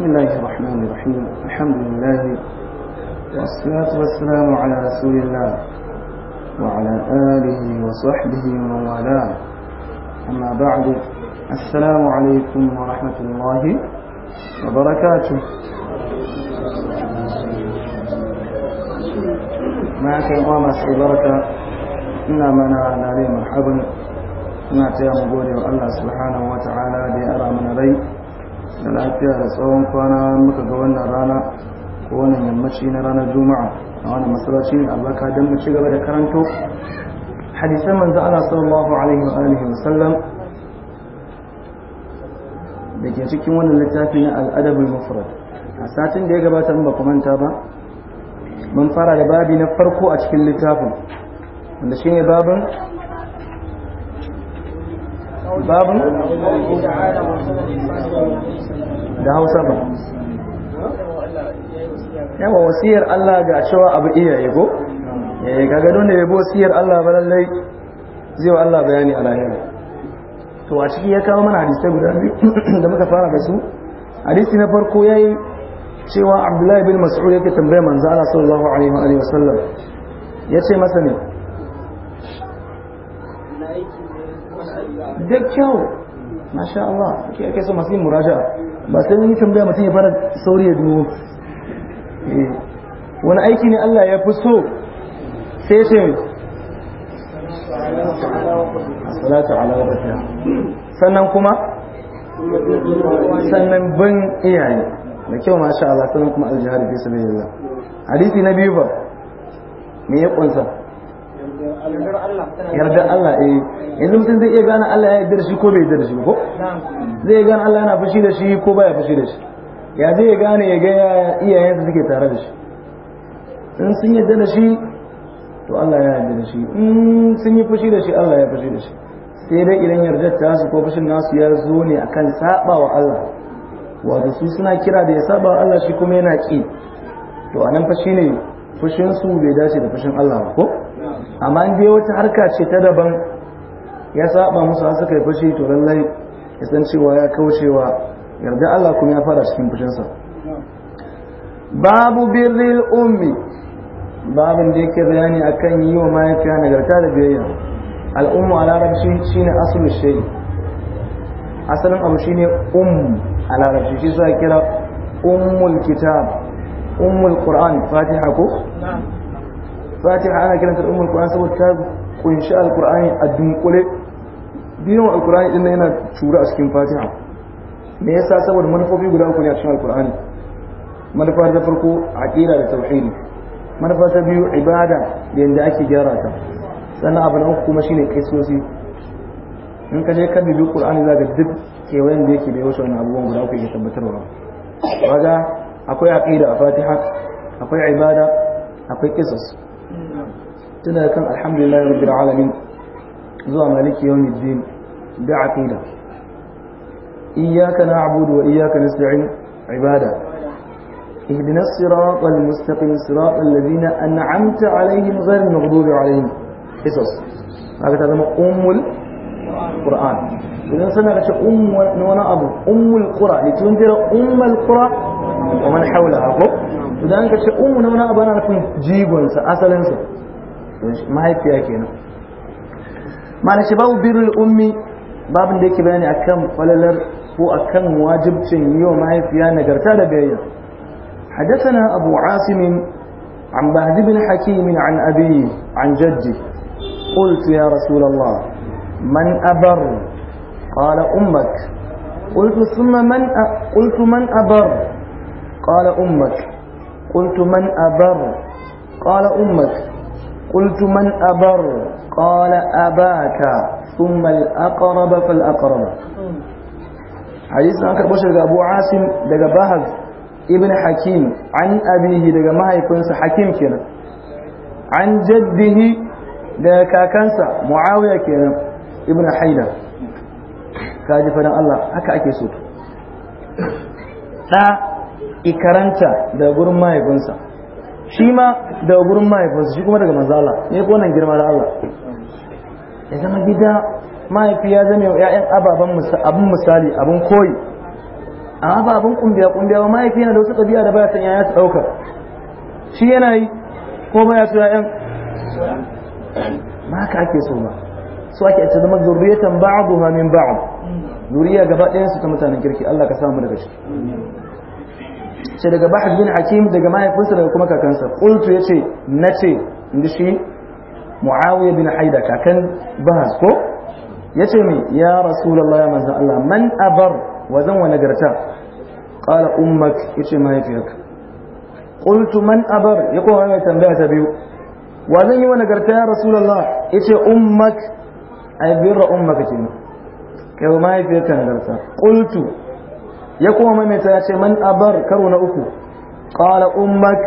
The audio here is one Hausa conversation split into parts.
بسم الله الرحمن الرحيم الحمد لله والصلاة والسلام على رسول الله وعلى آله وصحبه ومن والاه أما بعد السلام عليكم ورحمة الله وبركاته معك إمام أسعي بركة إنا منا على مرحبا ina taya mu gode wa Allah subhanahu wa ta'ala da lafiya da tsawon kwana muka ga wannan rana ko wannan yammaci na ranar juma'a a wannan masallaci ne albarka don mu ci gaba da karanto hadisan manzo Allah sallallahu alaihi wa alihi wa sallam da ke cikin wannan littafi na al'adabul mufrad a satin da ya gabata in ba ku manta ba mun fara da babi na farko a cikin littafin wanda shine babin babin da hausa ba yawa wasiyar Allah ga cewa abu iyaye ko eh kaga don da yabo wasiyar Allah ba lallai zai wa Allah bayani a lahira to a ciki ya kawo mana hadisai guda biyu da muka fara da su hadisi na farko ya yi cewa Abdullahi bin Mas'ud yake tambaye manzo Allah sallallahu alaihi wa sallam ce masa ne duk kyau masha Allah kike ake so masu yin muraja'a ba sai yi tambaya mutum ya fara sauri ya duwo eh, wani aiki ne Allah ya fi so sai salatu ala sannan kuma sannan bin iyaye da kyau masha Allah sannan kuma aljihar fi sabilillah hadisi na biyu ba me ya kunsa yardar Allah eh yanzu mutum zai iya gane Allah ya yi shi ko bai darshi shi ko zai iya gane Allah yana fushi da shi ko baya fushi da shi ya zai iya gane ya ga su suke tare da shi in sun yi da shi to Allah ya yarda da shi in sun yi fushi da shi Allah ya fushi da shi sai dai idan yardar ta su ko fushin nasu ya zo ne akan saba wa Allah wato su suna kira da ya saba wa Allah shi kuma yana ki to anan fa shine fushin su bai dace da fushin Allah ba ko amma in dai wata harka ce ta daban ya saba musu har suka yi fashi to lallai ya san cewa ya kaucewa yarda Allah kuma ya fara cikin fushinsa babu birril ummi babin da yake bayani akan yi wa mahaifiya nagarta da biyayya al'ummu a larabci ne asul asalin abu ne um a larabci shi sa kira ummul kitab ummul qur'an fatiha ko fatiha ana kiranta da ummul qur'an saboda ta kunshi al'ƙur'ani a dunkule biyan al'ƙur'ani din yana tura a cikin fatiha me yasa saboda manufofi guda uku ne a cikin al'ƙur'ani manufa ta farko aqida da tauhidi manufa ta biyu ibada da yanda ake gyara ta sannan abu na uku kuma shine kisosi in ka je ka bibi qur'ani zaka duk kewayen da yake da wuce wannan abubuwan guda uku yake tabbatarwa kaga akwai aqida a fatiha akwai ibada akwai qisas tana kan alhamdulillah rabbil alamin zuwa maliki yawmiddin da aqida iyyaka na'budu wa iyyaka nasta'in ibada اهدنا الصراط المستقيم صراط الذين أنعمت عليهم غير المغضوب عليهم قصص هذا تسمى أم القرآن إذا سنة أم نونا أبو أم القرى لتنذر أم القرى ومن حولها أقول idan ka ce ummu na wani abu ana nufin jigonsa asalinsa mahaifiya ke nan mana ce babu birul ummi babin da yake bayani akan falalar ko akan wajibcin yi wa mahaifiya nagarta da biyayya حدثنا أبو عاصم عن بهد بن حكيم عن أبيه عن جده قلت يا رسول الله من أبر قال أمك قلت ثم من أ... قلت من أبر قال أمك قلت من أبر قال أمك قلت من أبر قال أباك ثم الأقرب فالأقرب حديث أنكر بشر أبو عاصم دقى بهز ابن حكيم عن أبيه دقى ما يكون حكيم كنا عن جده دقى كاكنسا معاوية كنا ابن حيدة كاجفنا الله هكا أكي سوت ikaranta daga gurin mahaifinsa shi ma daga gurin mahaifinsa shi kuma daga mazala ne ko nan girma da Allah ya zama gida mahaifi ya zama ya'yan ababen abin misali abin koyi a ba kumbiya kumbiya ba mahaifi yana da wasu ɗabi'a da baya san yaya su ɗauka shi yana yi ko baya su ya'yan ma haka ake so ba su ake ce zama zurriyatan ba'adu min ba'd zuriya gaba ɗayan su ta mutanen kirki Allah ka samu daga ciki sai daga bahar bin hakim daga mahaifinsa daga kuma kakansa ce yace ce inda shi mu'awiyar bin haida kakan bahas ko yace mai ya ya manzan Allah man abar wazan wa nagarta qala ummak ce mahaifiyarka ƙultu man abar ya kuma mai tambaya ta biyu wazan yi wa nagarta ya rasulullah yace ummak ay birra ummaka kenan kai mahaifiyarka nagarta ƙultu ya kuma maimaita ya ce man abar karo na uku qala ummak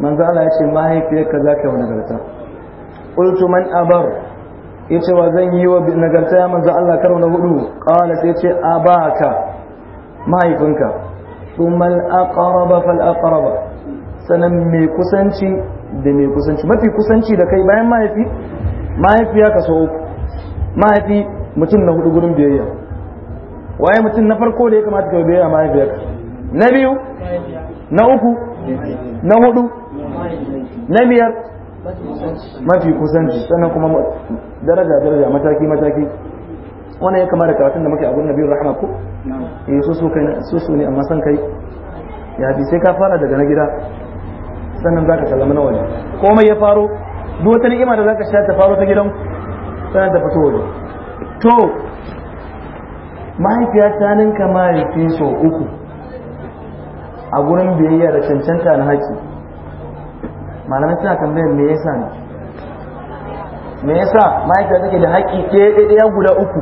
manzo Allah ya ce mahaifiyarka za ka yi nagarta qultu man abar ce wa zan yi wa nagarta ya manzo Allah karo na hudu qala sai ce abaka mahaifinka thumma al-aqraba fal aqraba sanan mai kusanci da mai kusanci mafi kusanci da kai bayan mahaifi mahaifiya ka so uku mahaifi mutum na hudu gurin biyayya waye mutum na farko da ya kamata ka biya mahaifiyar na biyu na uku na hudu na biyar mafi kusanci sannan kuma daraja daraja mataki mataki wannan ya kamata ka karatun da muke abun nabiyar rahama ko eh so so kai so so ne amma san kai ya bi sai ka fara daga na gida sannan zaka sallama na waje komai ya faro duk wata ni'ima da zaka sha ta faro ta gidan sannan ta fito waje to mahaifiya ta ninka mahaifin so uku a gurin biyayya da cancanta na haƙi malamai suna tambayar me yasa ne me yasa mahaifiya take da haƙi ɗaya ɗaya guda uku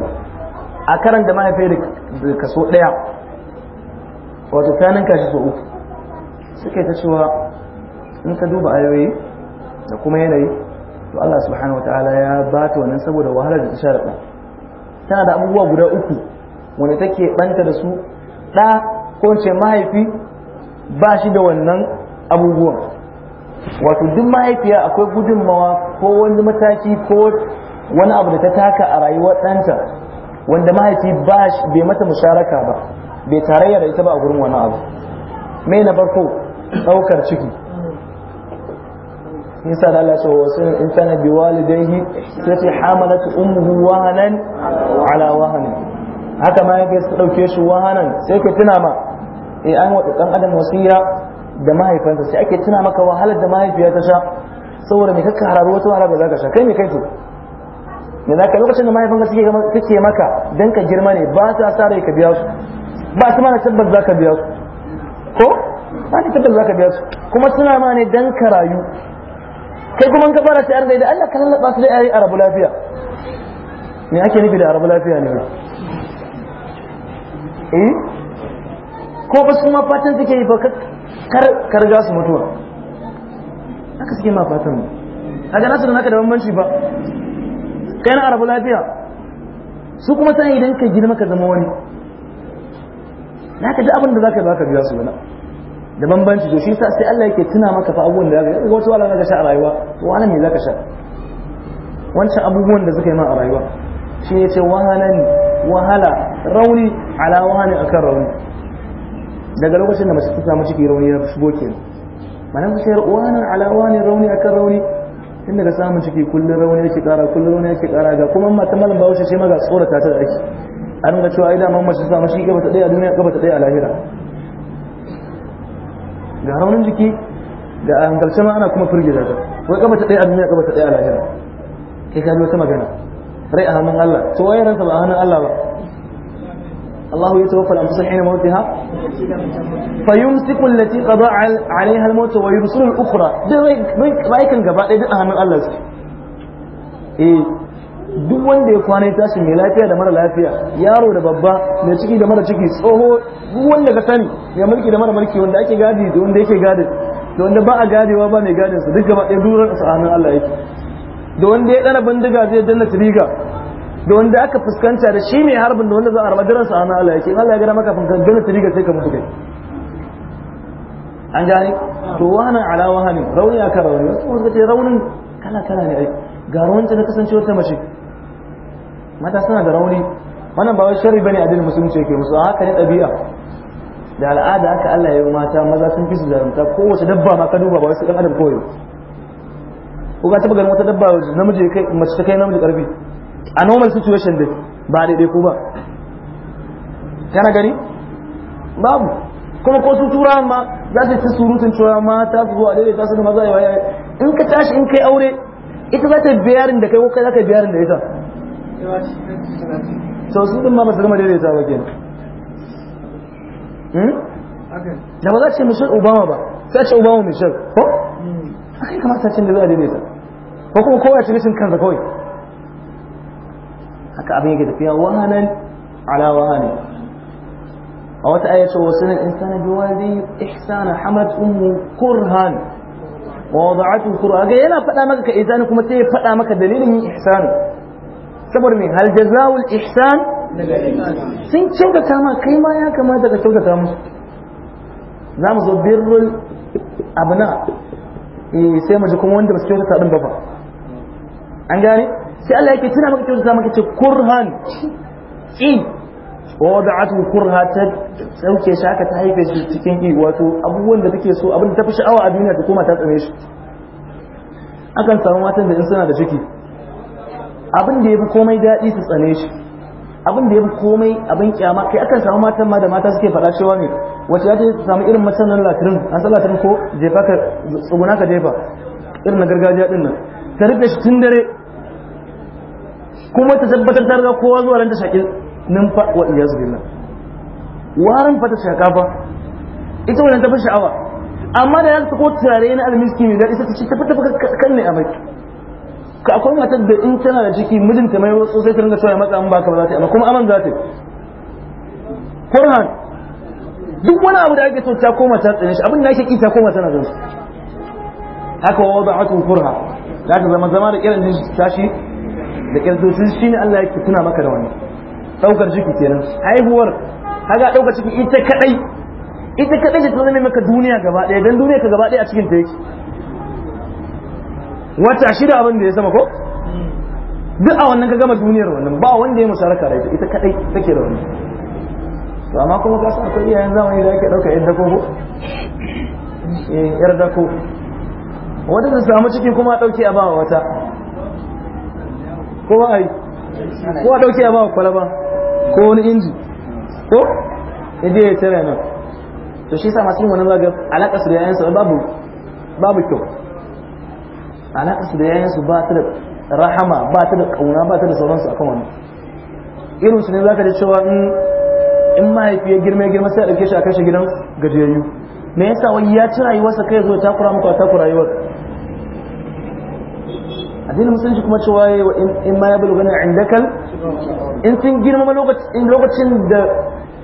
a karan da mahaifai da kaso ɗaya wato ta ninka shi so uku suke ta cewa in ka duba ayoyi da kuma yanayi to Allah subhanahu wa ta'ala ya ba ta wannan saboda wahalar da ta sha tana da abubuwa guda uku wanda take banta da su ɗa ko ce mahaifi ba shi da wannan abubuwan wato duk mahaifiya akwai gudunmawa ko wani mataki ko wani abu da ta taka a rayuwar ɗanta wanda mahaifi ba bai mata musharaka ba bai tarayya da ita ba a gurin wani abu mai na farko ɗaukar ciki nisa da Allah cewa wasu in kana bi walidaihi sai hamalatu ummuhu wahanan ala wahanan haka ma yake su ɗauke shi wahanan sai ke tuna ma eh an wa ɗan adam wasiya da mahaifansa sai ake tuna maka wahalar da mahaifiya ta sha saboda me kakka hararu wata wahala ba za ka sha kai me kai to me za ka lokacin da mahaifanka suke suke maka dan ka girma ne ba ta sa rai ka biya su ba su mana tabbas za ka biya su ko ba ta tabbas za ka biya su kuma suna ma ne dan ka rayu kai kuma in ka fara ta arzai da Allah ka lallaba su da yayi arabu lafiya me ake nufi da arabu lafiya ne eh ko ba su ma fatan suke yi ba kar ga su mutuwa haka suke ma fatan mu kaga nasu da naka da bambanci ba kai na arabu lafiya su kuma sai idan ka girma ka zama wani naka da abin da zaka zaka biya su ba da bambanci to shi sa sai Allah yake tuna maka fa abubuwan da zaka ga wata wala zaka sha a rayuwa to wala ne zaka sha wancan abubuwan da suka yi ma a rayuwa shi ne ce wahala rauni ala wani akan rauni daga lokacin da mace ta samu ciki rauni ya shigo kenan malam sai wani alawa ne rauni akan rauni tun daga samun ciki kullum rauni yake kara kullum rauni yake kara ga kuma mata malam ba wasu ce ma ga tsorata ta da ake an ga cewa idan da ta samu shi gaba ta daya duniya gaba ta daya a lahira ga raunin jiki da a hankalce ma ana kuma firgita ta wai gaba ta daya a duniya gaba ta daya a lahira kai ka biyo ta magana rai a hannun Allah to wai ranka ba a hannun Allah ba الله يتوفى الأنفس حين موتها فيمسك التي قضى عليها الموت ويرسل الأخرى رأيكن gaba ɗaya duk a hannun Allah su eh duk wanda ya kwana tashi mai lafiya da mara lafiya yaro da babba mai ciki da mara ciki tsoho duk wanda ka sani mai mulki da mara mulki wanda ake gadi da wanda yake gadi da wanda ba a gadewa ba mai gadin su duk gaba ɗaya duran a hannun Allah yake da wanda ya dana bindiga zai danna tiriga da wanda aka fuskanta da shi mai harbin da wanda za a harba jiransa a Allah yake in Allah ya gada maka fuskanta gana ta riga sai ka mutu kai an gane to wahanan ala wahanin rauni a kan rauni wasu wanda ce raunin kala kala ne ai ga rawancin da kasance wata mace mata suna da rauni wannan ba wai sharri bane addinin musulunci yake musu haka ne ɗabi'a da al'ada haka Allah ya yi mata maza sun fi su ko kowace dabba ma ka duba ba su ɗan adam koyo ko ka taɓa ganin wata dabba namiji kai mace ta kai namiji ƙarfi a normal situation din ba daidai ko ba kana gani babu kuma ko su tura ma za su ci surutun cewa mata su zo zuwa daidai ta su da maza ya in ka tashi in kai aure ita za ta biyarin da kai ko kai za ka biyarin da ita so su din ma ba su gama daidai ta ba kenan hmm? da ba za ce Michelle Obama ba sai ce Obama Michelle ko a hmm. kai kamar cin da za a daidaita ko kuma kowa ya ci kansa kawai haka abin yake tafiya wahanan ala wahanan a wata aya ce wasu nan insana bi wadi ihsana hamat ummu kurhan wa wada'atu kurhan ga yana faɗa maka ka izani kuma sai ya faɗa maka dalilin yin ihsan saboda me hal jazaul ihsan sun kyautata ma kai ma ya kamata ka kyautata musu za mu zo birrul abna eh, sai mu ji kuma wanda ba su kyautata din ba fa an gane sai Allah yake tana maka kyautata maka ce kurhan ki wa wada'atu kurha ta sauke shi aka ta haife shi cikin ki wato abubuwan da take so abin da ta fi sha'awa a duniya ta koma ta tsame shi akan samu matan da in suna da ciki abin da ya fi komai daɗi su tsame shi abin da ya fi komai abin kyama kai akan samu matan ma da mata suke faɗa cewa ne wacce ya ta samu irin macen nan latirin an san latirin ko jefa ka tsuguna ka jefa irin na gargajiya ɗin nan ta rufe shi tun dare kuma ta tabbatar ta riga kowa zuwa ranta nan fa wa iyazu billah waran fa ta shaƙa fa ita wannan ta fi sha'awa amma da ya ko turare na almiski mai da sai ta ce tafi tafi kan ne a mai ka akwai matar da in tana da ciki mijinta mai wasu sai ta ringa cewa matsa an baka ba za ta yi amma kuma aman za ta yi Qur'an duk wani abu da ake so ta koma ta tsane shi abin da ake ki ta koma tana zuwa haka wa wada'atu furha. za ta zama zama da irin tashi da shi ne Allah yake tuna maka da wani. Ɗaukar ciki kenan haihuwar haga ɗaukar ciki ita kadai ita kadai da tunanin maka duniya gaba ɗaya don duniya ka gaba ɗaya a cikin ta yake wata shida abin da ya sama ko duk a wannan ka gama duniyar wannan ba wanda ya musaraka da ita ita kadai take da wannan to amma kuma ka san akwai iyayen zamani da ake ɗauka yar ko eh yar dako wanda su samu ciki kuma dauke a ba wata ko ba ai ko a dauke ya ba kwalaba ko wani inji ko idan ya tsere nan to shi sa masu wannan zaga alaka su da yayan su babu babu kyau alaka su da yayan su ba ta da rahama ba ta da kauna ba ta da sauransu akan wannan irin su ne zaka ji cewa in in mahaifi ya girma girma sai a dauke shi a kashe gidan gajiyayyu me yasa wai ya ci rayuwarsa kai zo ta kura muku ta kura rayuwarka addinin musulunci kuma cewa yayi wa in ma ya bulgana indakal in sun girma lokacin lokacin da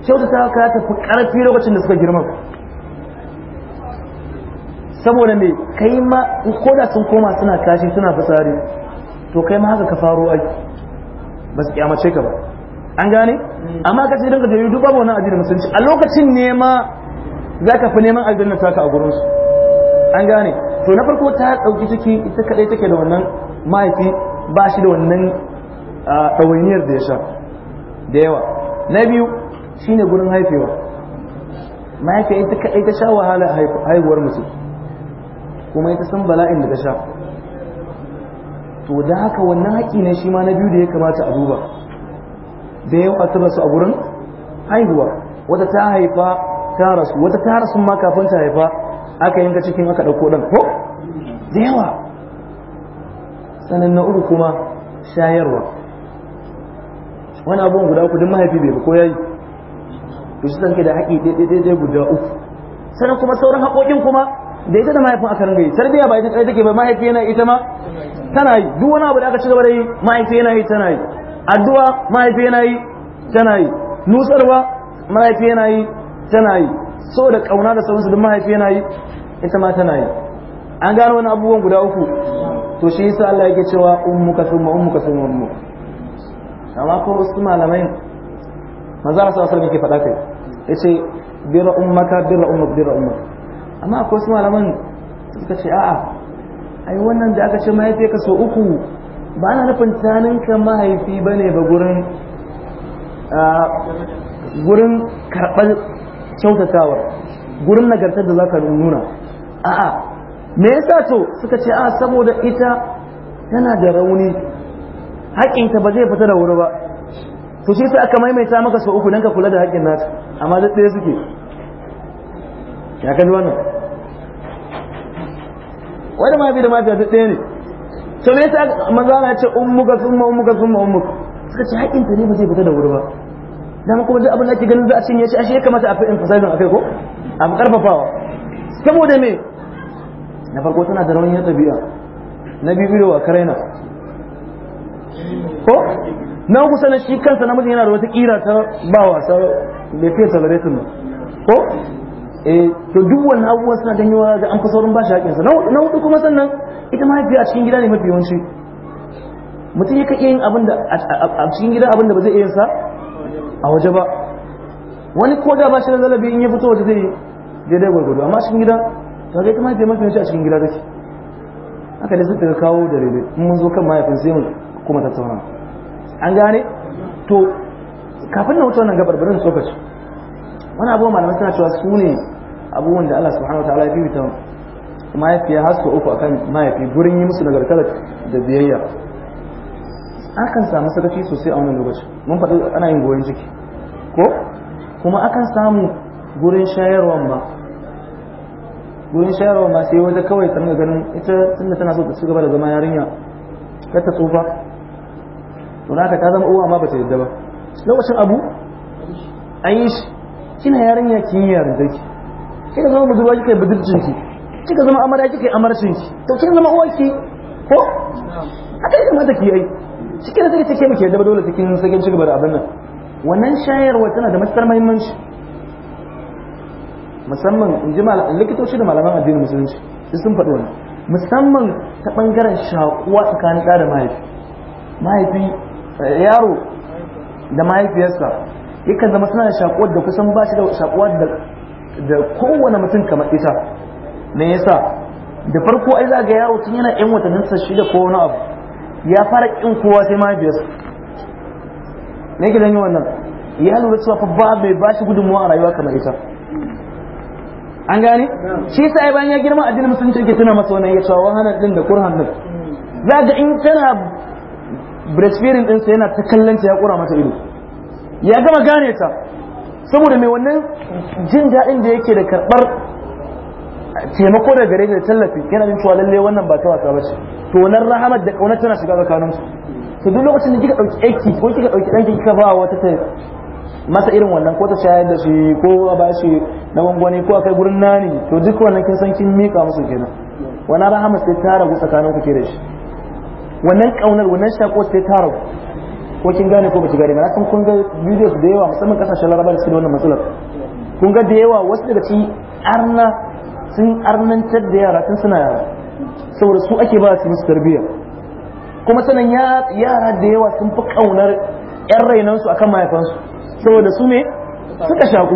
kyautata ka tafi karfi lokacin da suka girma saboda me kai ma ko da sun koma suna kashi suna fasari to kai ma haka ka faro aiki ba su kyamace ka ba an gane amma ka ce dinka jari duba wannan addinin musulunci a lokacin ne ma za ka fi neman aljanna taka a gurinsu an gane to na farko ta dauki ciki ita kadai take da wannan mahaifi ba shi da wannan ɗawainiyar da ya sha da yawa na biyu ne gurin haifewa mahaifiya ita kaɗai ta sha wahala haihuwar mutum kuma ita san bala'in da ta sha to da haka wannan haƙi ne shi ma na biyu da ya kamata a duba da yawa ta rasu a gurin haihuwa wata ta haifa ta rasu wata ta rasu ma kafin ta haifa aka yanka cikin aka ɗauko ɗan ko da yawa sannan na uku kuma shayarwa wani abubuwan guda uku duk mahaifi bai ko yayi to shi sanke da haƙi ɗaiɗaiɗai guda uku sannan kuma sauran haƙoƙin kuma da ita da mahaifin aka ringa yi tarbiyya ba ita kai take ba mahaifi yana ita ma tana yi duk wani abu da aka ci gaba da yi mahaifi yana yi tana yi addu'a mahaifi yana yi tana yi nusarwa mahaifi yana yi tana yi so da kauna da sauransu duk mahaifi yana yi ita ma tana yi an gano wani abubuwan guda uku to shi yasa Allah yake cewa ummuka ummu ka thumma ummu amma ko wasu malamai manzo Allah sallallahu alaihi wasallam yake faɗa kai yace bira ummaka bira ummuk bira ummuk amma ko wasu malaman suka ce a'a ai wannan da aka ce ka so uku ba na nufin ka mahaifi bane ba gurin gurin karɓar kyautatawar gurin nagartar da za ka nuna a'a me yasa to suka ce a ah, saboda ita tana da rauni haƙinta ba zai fita da wuri ba to shi sai aka maimaita maka sau uku don ka kula da haƙin naka amma duk ɗaya suke ya kan wannan wani ma bi da mata duk ɗaya ne to me yasa maza na ce ummuka summa ga summa ummu suka ce haƙinta ne ba zai fita da wuri ba dama kuma duk abin da ake ganin za a cinye shi ashe ya kamata a fi emphasizing akai ko a karfafawa saboda me na farko tana da rauni na tabi'a na bibiyo wa karaina ko na uku na shi kansa namijin yana da wata kira ta ba wasa da fiye salaretin ba ko eh to duk wannan abubuwan suna wa ga an fi wurin ba shi haƙinsa na hudu kuma sannan ita haifi a cikin gida ne mafi yawanci mutum yakan iya yin abin da a cikin gida abin da ba zai iya sa a waje ba wani ko da ba shi da zalabi in ya fito waje zai yi daidai gwargwado amma cikin gida to kai kuma taimaka shi a cikin gida da take haka ne sun daga kawo da rere mun zo kan mahaifin sai mu kuma tsawon. an gane to kafin na wuce wannan gabar barin tsokaci wani abubuwan malamai suna cewa su ne abubuwan da Allah subhanahu wa ta'ala ya bibita mahaifiya ya su uku akan mahaifi gurin yi musu nagarta da biyayya akan samu sakaci sosai a wannan lokaci mun faɗi ana yin goyon ciki ko kuma akan samu gurin shayarwan ba gurin shayarwa ma sai wata kawai ta ganin ita tunda tana so ta ci gaba da zama yarinya kar ta tsufa to naka ta zama uwa ba bata yadda ba lokacin abu an yi shi kina yarinya kin yi Ki kika zama budurwa kika yi budurcinki kika zama amarya kika yi amarcinki to kin zama uwa ki ko haka ya kamata ki yi cikin da take ke yadda ba dole cikin sakin ci gaba da abin nan wannan shayarwa tana da matukar muhimmanci musamman in ji likitoci da malaman addinin musulunci sai sun faɗi wannan musamman ta ɓangaren shakuwa tsakanin ɗa da mahaifi mahaifi eh, yaro da mahaifiyarsa yakan zama suna da shakuwar da kusan ba shi da shakuwa da kowane mutum kamar ita me yasa da farko ai za ga yaro tun yana yan watannin sa shi da wani abu ya fara kin kowa sai mahaifiyarsa me yake yi wannan ya lura cewa fa ba bai ba shi gudunmuwa a rayuwa kamar ita an gane shi sa ai bayan ya girma addinin musulunci yake tuna masa wannan ya cewa wahanan din da Qur'an din za in tana breastfeeding din sa yana ta kallon ta ya kura mata ido ya gama gane ta saboda mai wannan jin daɗin da yake da karɓar taimako da gare da tallafi yana jin cewa lalle wannan ba ta wasa ba ce to wannan rahamar da ƙaunar tana shiga tsakanin su to duk lokacin da kika ɗauki aiki ko kika ɗauki ɗanki kika ba wata ta masa irin wannan ko ta shayar da shi ko a ba shi na gwangwani ko a kai gurin nani to duk wannan kin san kin mika musu kenan wannan rahama sai ta ragu tsakanin ku ke da shi wannan kaunar wannan shako sai ta ragu ko kin gane ko baki gane ba san kun ga videos da yawa musamman kasashen laraba da su da wannan matsalar kun ga da yawa wasu daga cikin arna sun arnantar da yara tun suna yara saboda su ake ba su musu tarbiyya kuma sanan yara da yawa sun fi kaunar yan rainansu akan mahaifansu saboda su ne suka shaku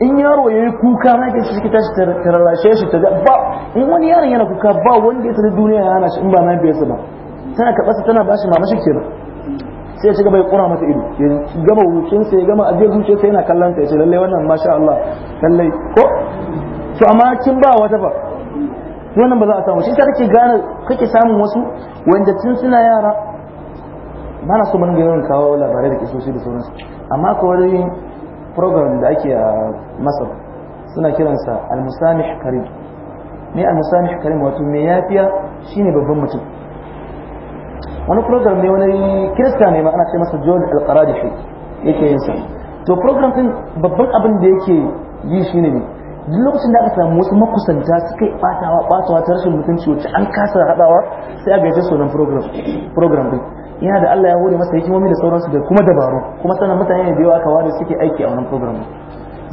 in yaro ya yi kuka na ke shi tashi ta rarrashe shi ta ba in wani yaron yana kuka ba wanda ya sani duniya ya hana shi in ba na biyarsa ba tana karɓarsa tana ba shi mamashi kenan sai ya ci gaba ya ƙura mata ido ya gama wucinsa ya gama ajiyar zuciyarsa yana kallon ta ya ce lallai wannan masha Allah lallai ko to amma kin ba wata ba wannan ba za a samu shi ta kake gane kake samun wasu wanda tun suna yara ba na so mun yawan kawo labarai da kisoshi da sauransu amma ko wani program da ake a masar suna kiransa al-musamih karim ne al-musamih karim wato mai yafiya shine babban mutum wani program ne wani kirista ne ma ana ce masa John al shi yake yin sa to program din babban abin da yake yi shine ne duk lokacin da aka samu wasu makusanta suka yi batawa batawa ta rashin mutunci wacce an kasa hadawa sai a gaje sunan program program din yana da Allah ya hore masa hikimomi da sauransu da kuma dabaru kuma sanan mutane ne da yawa aka ware suke aiki a wannan program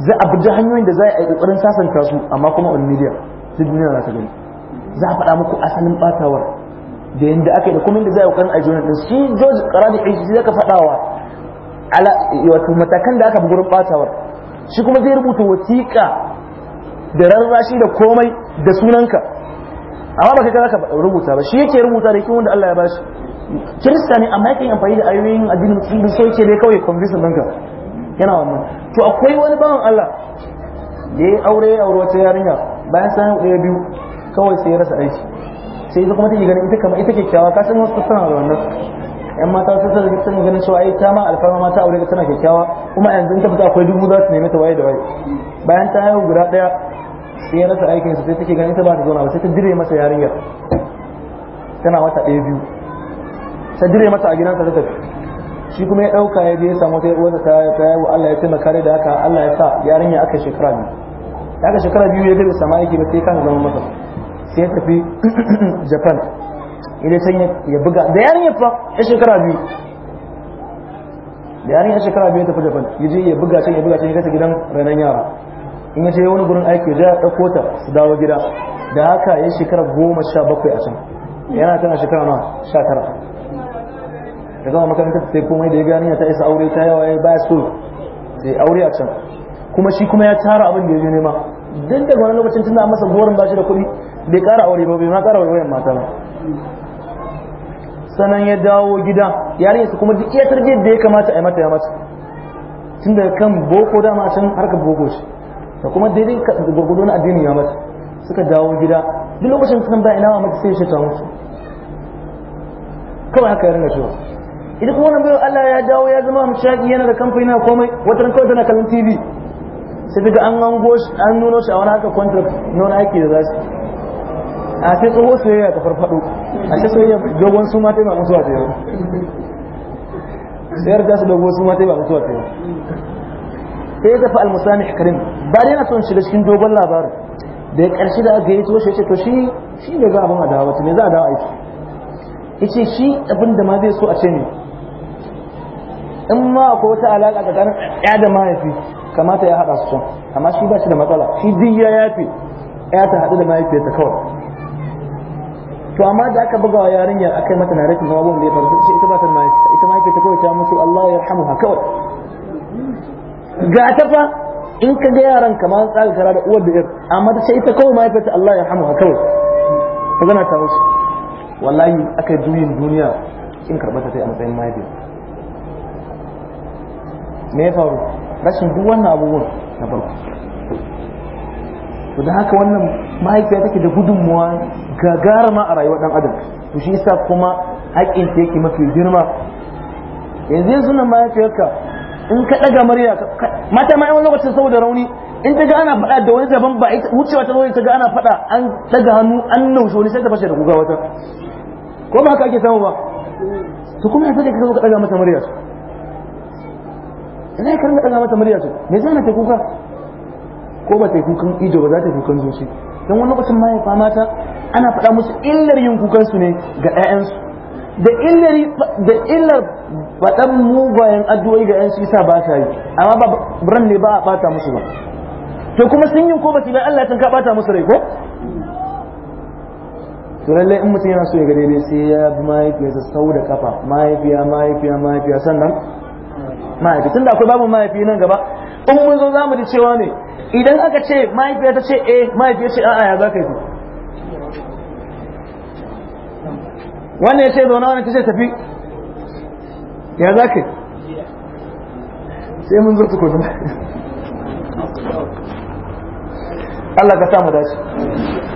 za a bi hanyoyin da za a yi kokarin sasanta su amma kuma on media duk duniya za ta gani za a faɗa muku asalin batawar da yanda aka yi da kuma inda za a yi kokarin ajiyar din shi George Karadi shi zaka faɗawa ala wato matakan da aka bi gurin batawar shi kuma zai rubuta wasiƙa da rarrashi da komai da sunanka amma ba kai ka rubuta ba shi yake rubuta da kin wanda Allah ya bashi kirista ne amma yake amfani da ayoyin addinin musulunci sai ce dai kawai convince ɗinka yana wannan to akwai wani bawan Allah da ya aure ya aure wata yarinya bayan sanin ɗaya biyu kawai sai ya rasa aiki sai ita kuma take ganin ita kamar ita kyakkyawa ka san wasu tana da wannan yan mata sun sa da sun ganin cewa ai ta ma alfarma mata aure ta tana kyakkyawa kuma yanzu in ta fita akwai dubu za su nemi ta waye da waye bayan ta yi guda ɗaya sai ya rasa aikinsa sai take ganin ta ba ta zauna ba sai ta dire masa yarinya tana wata ɗaya biyu ta dire mata a gidansa ta tafi shi kuma ya dauka ya je ya samu ta uwarsa ta ta yawo Allah ya taimaka da haka Allah ya sa yarinya aka shekara biyu daga shekara biyu ya gari sama yake ba sai kan zama masa sai ya tafi Japan idan can ya buga da yarinya fa ya shekara biyu da yarinya shekara biyu ya tafi Japan ya je ya buga can ya buga can ya kasa gidan renon yara in ya je wani gurin aiki ya ya ɗauko ta su dawo gida da haka ya shekara goma sha bakwai a can yana tana shekara na sha tara da zama makarantar ta mai da ya gani ta isa aure ta yawa ya baya so sai aure a can kuma shi kuma ya tara abin da ya je nema duk da wani lokacin tunda an masa gorin bashi da kuɗi bai ƙara aure ba bai ma ƙara wayoyin mata ba sannan ya dawo gida yarinya su kuma duk iya tarbiyyar da ya kamata a yi mata ya mata tun daga kan boko dama a can harkar boko shi da kuma daidai gurgudu na addini ya mata suka dawo gida duk lokacin sun ba ina ma mata sai ya ta mutu kawai haka ya ringa cewa idan kuma wannan bayan Allah ya dawo ya zama mushaki yana da kamfani na komai wata ran kawai tana kallon TV sai daga an hango an nuno shi a wani haka contract nuna aiki da zasu a sai tsoho soyayya ta farfado a sai soyayya dogon su mata ba mutuwa ta yau sayar da su dogon su mata ba mutuwa ta yau sai ya tafi almusanih karim ba dai na son shiga cikin dogon labarin da ya karshe da aka yi to shi to shi shi ne za a ban a dawo ne za a dawo aiki yace shi abin da ma zai so a ce ne in ma akwai wata alaƙa tsakanin ya da mahaifi kamata ya haɗa su can amma shi ba shi da matsala shi duk ya yafe ya ta haɗu da ta kawai to amma da aka buga wa yarinyar akai mata na rashin babu da ya faru sai ita ba ta mahaifiya ita ta kawai ta musu Allah ya ha kawai ga ta fa in ka ga yaran kamar tsaga kara da uwar da yar amma ta sai ita kawai ta Allah ya ha kawai ta zana ta musu wallahi aka juyin duniya in karɓa ta sai a matsayin mahaifiya me ya faru rashin duk wannan abubuwan na farko to da haka wannan mahaifiya take da gudunmuwa gagara ma a rayuwar dan adam to shi yasa kuma haƙƙin ta yake mafi girma yanzu yanzu nan mahaifiyarka in ka ɗaga murya mata ma yawan lokacin saboda rauni in ta ga ana faɗa da wani daban ba wucewa ta zo ta ga ana faɗa an daga hannu an naushe wani sai ta fashe da kuka wata ko ba haka ake samu ba to kuma yanzu ka zo ka ɗaga mata murya zai karni ɗaga mata murya su me zai na ta kuka ko ba ta kukan ido ba za ta kukan zuci don wani lokacin mahaifa mata ana faɗa musu illar yin kukan su ne ga 'ya'yansu da illar da illar faɗan mugayen addu'o'i ga 'yansu isa ba ta yi amma ba ran ne ba a bata musu ba to kuma sun yi ko ba Allah tun ka bata musu rai ko to lallai in mutum yana so ya ga daidai sai ya bi mahaifiyarsa sau da kafa mahaifiya mahaifiya mahaifiya sannan mahaifi tunda akwai babu mahaifi nan gaba in mun zo zamu ji cewa ne idan aka ce mahaifiya ta ce eh ya ce a'a ya za ka yi wannan ya ce zauna wani ta ce tafi ya za ka yi sai mun zo tukun Allah ka samu dace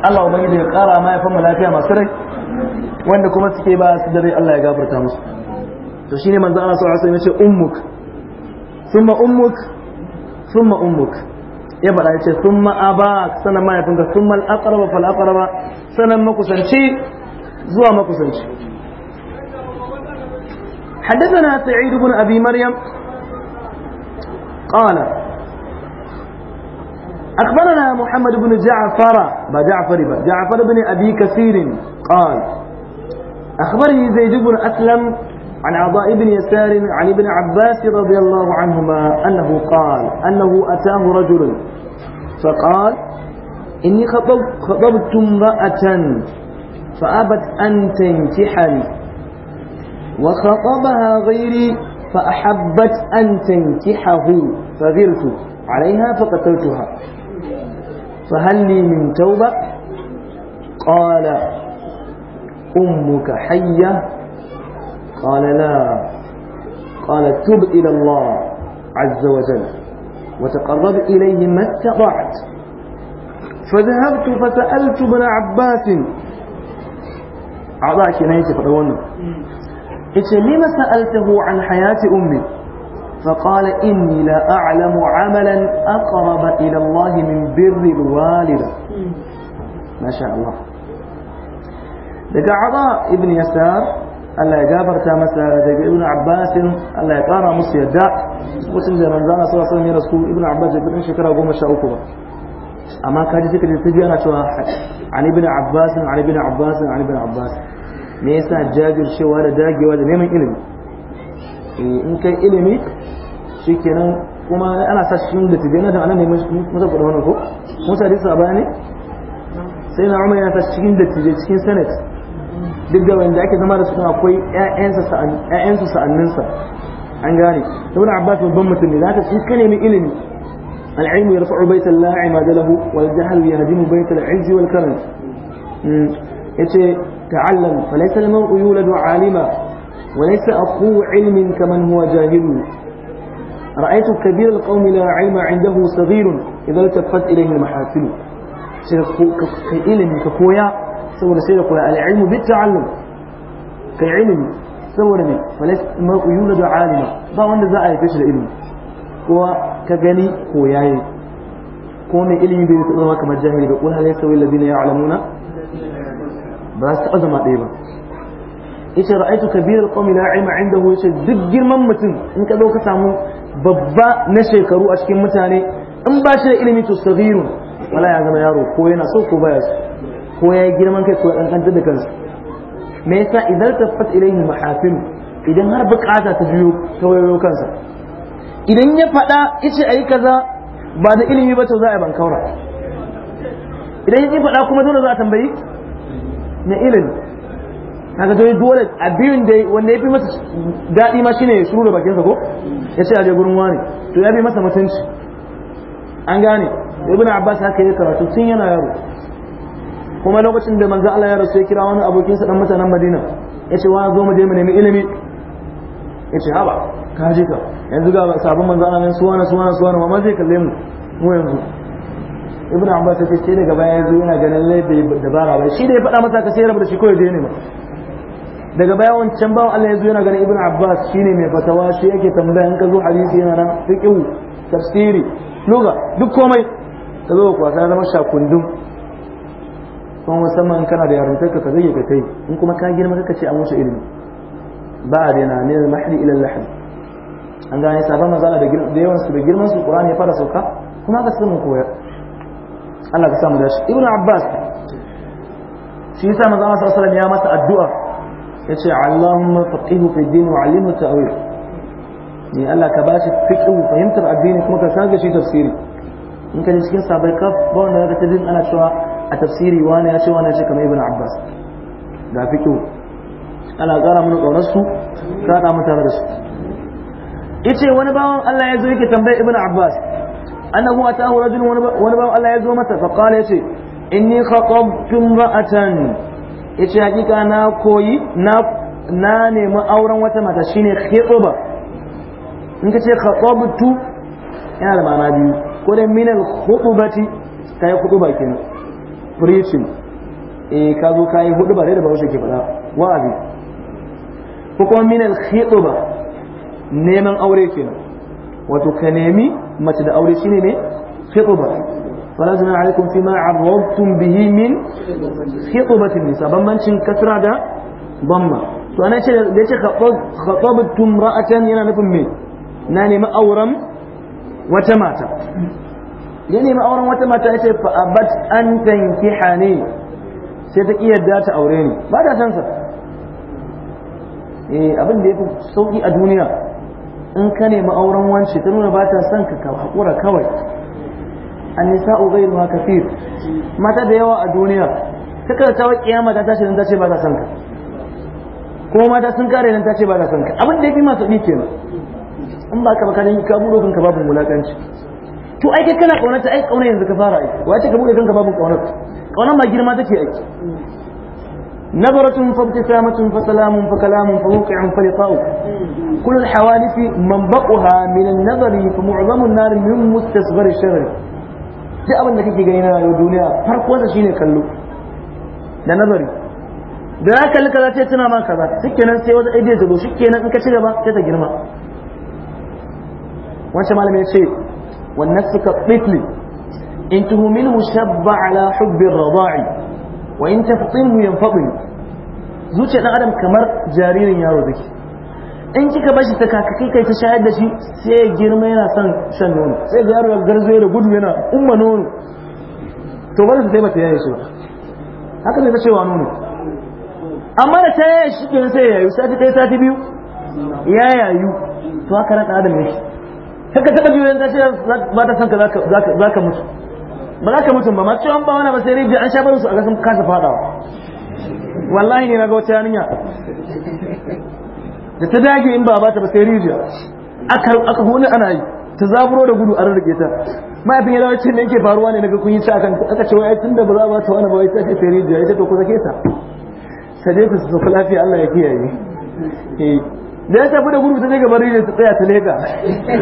Allah ubangiji ya kara mahaifin mu lafiya masu rai wanda kuma suke ba su dare Allah ya gafarta musu to shine manzo Allah sallallahu alaihi wasallam ya ce ummuk summa ummuk summa ummuk ya faɗa ya ce summa abak sanan mahaifinka summa al'aqraba fal aqraba sanan makusanci zuwa makusanci حدثنا سعيد بن أبي مريم قال أخبرنا محمد بن جعفر جعفر جعفر بن أبي كثير قال أخبره زيد بن أسلم عن عطاء بن يسار عن ابن عباس رضي الله عنهما أنه قال أنه أتاه رجل فقال إني خطبت امرأة فأبت أن تنكحني وخطبها غيري فأحبت أن تنكحه فغرت عليها فقتلتها فهل لي من توبة قال أمك حية قال لا قال تب إلى الله عز وجل وتقرب إليه ما استطعت فذهبت فسألت ابن عباس أعضاء كنايتي فتوانا إيش لما سألته عن حياة أمي فقال إني لا أعلم عملا أقرب إلى الله من بر الوالدة ما شاء الله لقى عضاء ابن يسار Allah ya gafarta masa daga Ibn Abbas Allah ya kara musu yadda mutum da manzo Allah sallallahu alaihi wasallam ya rasu Ibn Abbas ya bin shekara 13 ba amma kaji suka ta ji ana cewa Ali Ibn Abbas Ali Ibn Abbas Ali Ibn Abbas me yasa jajircewa da dagewa da neman ilimi eh, in kai ilimi shikenan kuma ana sa shi da ana da anan neman musa ko wannan ko musa da sabani sai na umar ya sa cikin da tijje cikin senate duk da wanda ake zama da su akwai ƴaƴansu sa'anninsa an gane ibn abbas babban mutum ne zaka shi ka nemi ilimi al-ilmu yarfa'u baita al-la'im adalahu wal jahlu yahdimu baita al-'izz wal karam hmm. yace ta'allam fa laysa al-mar'u yuladu 'alima wa laysa aqwa 'ilmin kaman huwa jahil رأيت كبير القوم لا علم عنده صغير إذا التفت إليه المحاسن شيخ كإلم كفويا saboda sai da koya al'ilmu bi ta'allum kai ilimi saboda ne falas man yuladu alima ba wanda za a yi shi da ilimi kowa ka gani ko yayi ko mai ilimi bai zama kamar jahili ba kul halaysa wal ladina ya'lamuna ba su taɓa zama ɗaya ba yace ra'aytu kabir qawmi la'ima indahu yace duk girman mutum in ka zo ka samu babba na shekaru a cikin mutane in ba shi da ilimi to saghirun wala ya zama yaro ko yana so ko baya so ko ya yi girman kai ko ya kankantar da kansu me yasa idan tafat ilaihi mahafin idan har bukata ta biyo ta wayo kansa idan ya faɗa ice ayi kaza ba da ilimi ba to za a yi bankaura idan ya faɗa kuma dole za a tambayi na ilimi haka to dole a biyun da wanda ya fi masa daɗi ma shine suru da bakinsa ko ya ce a je gurin wani to ya bi masa mutunci an gane ibn abbas haka ya karatu tun yana yaro kuma lokacin da manzo Allah ya rasu ya kira wani abokin sa dan mutanen Madina yace wa zo mu je mu nemi ilimi yace haba ka je ka yanzu ga sabon manzo Allah ne suwana suwana suwana ma zai kalle mu mu yanzu ibnu abbas yace ce daga baya yazo yana ganin laifi dabara ba shi da ya faɗa masa ka sai rabu da shi ko ya je ne ma daga baya wancan bawan Allah yazo yana ganin ibnu abbas shine mai fatawa shi yake tambaya in ka zo hadisi yana nan fiqhu tafsiri lugha duk komai ka zo ku wasa zama shakundun kuma musamman kana da yarintarka ka zai ka kai in kuma ka girma kaka ce an wuce ilimi ba a daina ne da mahdi ilal lahad an gane sabon mazala da yawan su da girman su qur'ani ya fara sauka kuma ka samu koya Allah ka samu dashi ibn abbas shi yasa manzo Allah sallallahu ya masa addu'a yace Allahumma faqihu fi din wa alimhu ta'wil ni Allah ka bashi fiqhu fahimtar addini kuma ka sanga shi tafsiri in ka ji cikin sabai kaf ba wanda zaka ta jin ana cewa a tafsiri wani ya ce wani ya ce kamar ibn abbas ga fiƙo ana ƙara mana ƙaunarsu ka haɗa mu tare da su yace wani bawan Allah ya zo yake tambaye ibn abbas annahu atahu rajul wani bawan Allah ya zo masa fa qala yace inni khatabtu ra'atan yace hakika na koyi na na nemi auren wata mata shine khitba in kace khatabtu yana da ma'ana biyu ko da min al khutbati kai khutba kenan preaching eh ka zo ka yi hudu ba dai da bahaushe ke faɗa wa'azi ko kuma min al neman aure kenan wato ka nemi mace da aure shine ne khitba فلا جناح عليكم فيما عرضتم به من خطبة النساء بمانشن كثرة دا bamma to ana ce da ce khatabtum ra'atan yana nufin me na nemi auren wata mata ya nemi auren wata mata ya ce fa abat an tankiha ne sai ta iya da ta aure ni ba ta san sa eh abin da yafi sauki a duniya in ka nemi auren wance ta nuna ba ta san ka ka hakura kawai gairu ghayruha kafir mata da yawa a duniya ta karanta wa kiyama ta tashi ta ce ba ta san ka ko mata sun kare nan ta ce ba ta san ka abin da yafi masu ɗi kenan in ba ka ba ka ka buɗo kanka babu mulakanci to ai kai kana kaunar ta ai kaunar yanzu ka fara ai wai ka bude kanka babu kaunar kaunar ma girma take ai نظرة فابتسامة فسلام فكلام فموقع فلقاء كل الحوادث منبقها من النظر فمعظم النار من مستصغر الشر da abin da kake gani na rayuwar duniya farko sa shine kallo da nazari da ya kalli kaza sai tana ma kaza shikenan sai wata idiya ta shikenan in ka ci gaba sai ta girma wancan malamin ya ce والنفس كالطفل إن تهمله شب على حب الرضاع وإن تفطنه ينفضل zuciyar ɗan adam kamar jaririn yaro take in kika bashi ta kakaki kai ta shayar da shi sai girma yana son shan nono sai ga yaro gudu yana umma nono to ba su taimaka yayi shi ba haka ne ta cewa nono amma da ta yaya shi sai sati ɗaya sati biyu ya to kaka taba biyu yanzu ce ba ta san ka za ka mutu ba za ka mutu ba masu an ba wani ba sai rijiya an sha barinsu a gasan kasa fadawa wallahi ne na ga wata yarinya da ta dage in ba ba ta ba sai rijiya aka huni ana yi ta zaburo da gudu a rarrake ta mafi ya dawace ne yake faruwa ne daga kun yi akan aka ce wai tun da ba za ba ta wani ba wai ta ce sai rijiya ita to ku zake ta ta je ku su lafiya Allah ya kiyaye eh. da ya tafi da gurbi ta je gaban rijiyar ta tsaya ta leka sai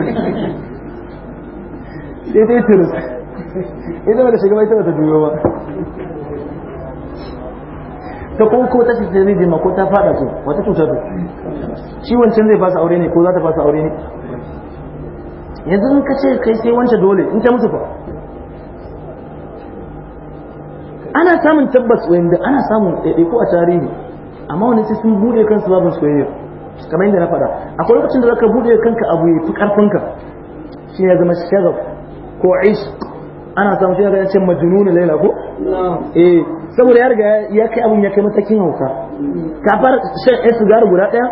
ta yi turus ina da shiga mai ta juyo ba ta ko ta cikin rijiyar ma ko ta fada su wata cuta su shi wancan zai fasa aure ne ko za ta fasa aure ne yanzu in ka kai sai wancan dole in ta mutu fa ana samun tabbas wanda ana samun ɗaiɗaiku a tarihi amma wani sai sun buɗe kansu babin soyayya kamar yadda na faɗa akwai lokacin da zaka bude kanka abu ya fi ka shi ya zama shagaf ko ishq ana samu shi ga yace majnun laila ko eh saboda ya riga ya kai abun ya kai matakin hauka ka far shan ɗaya gar guda ɗaya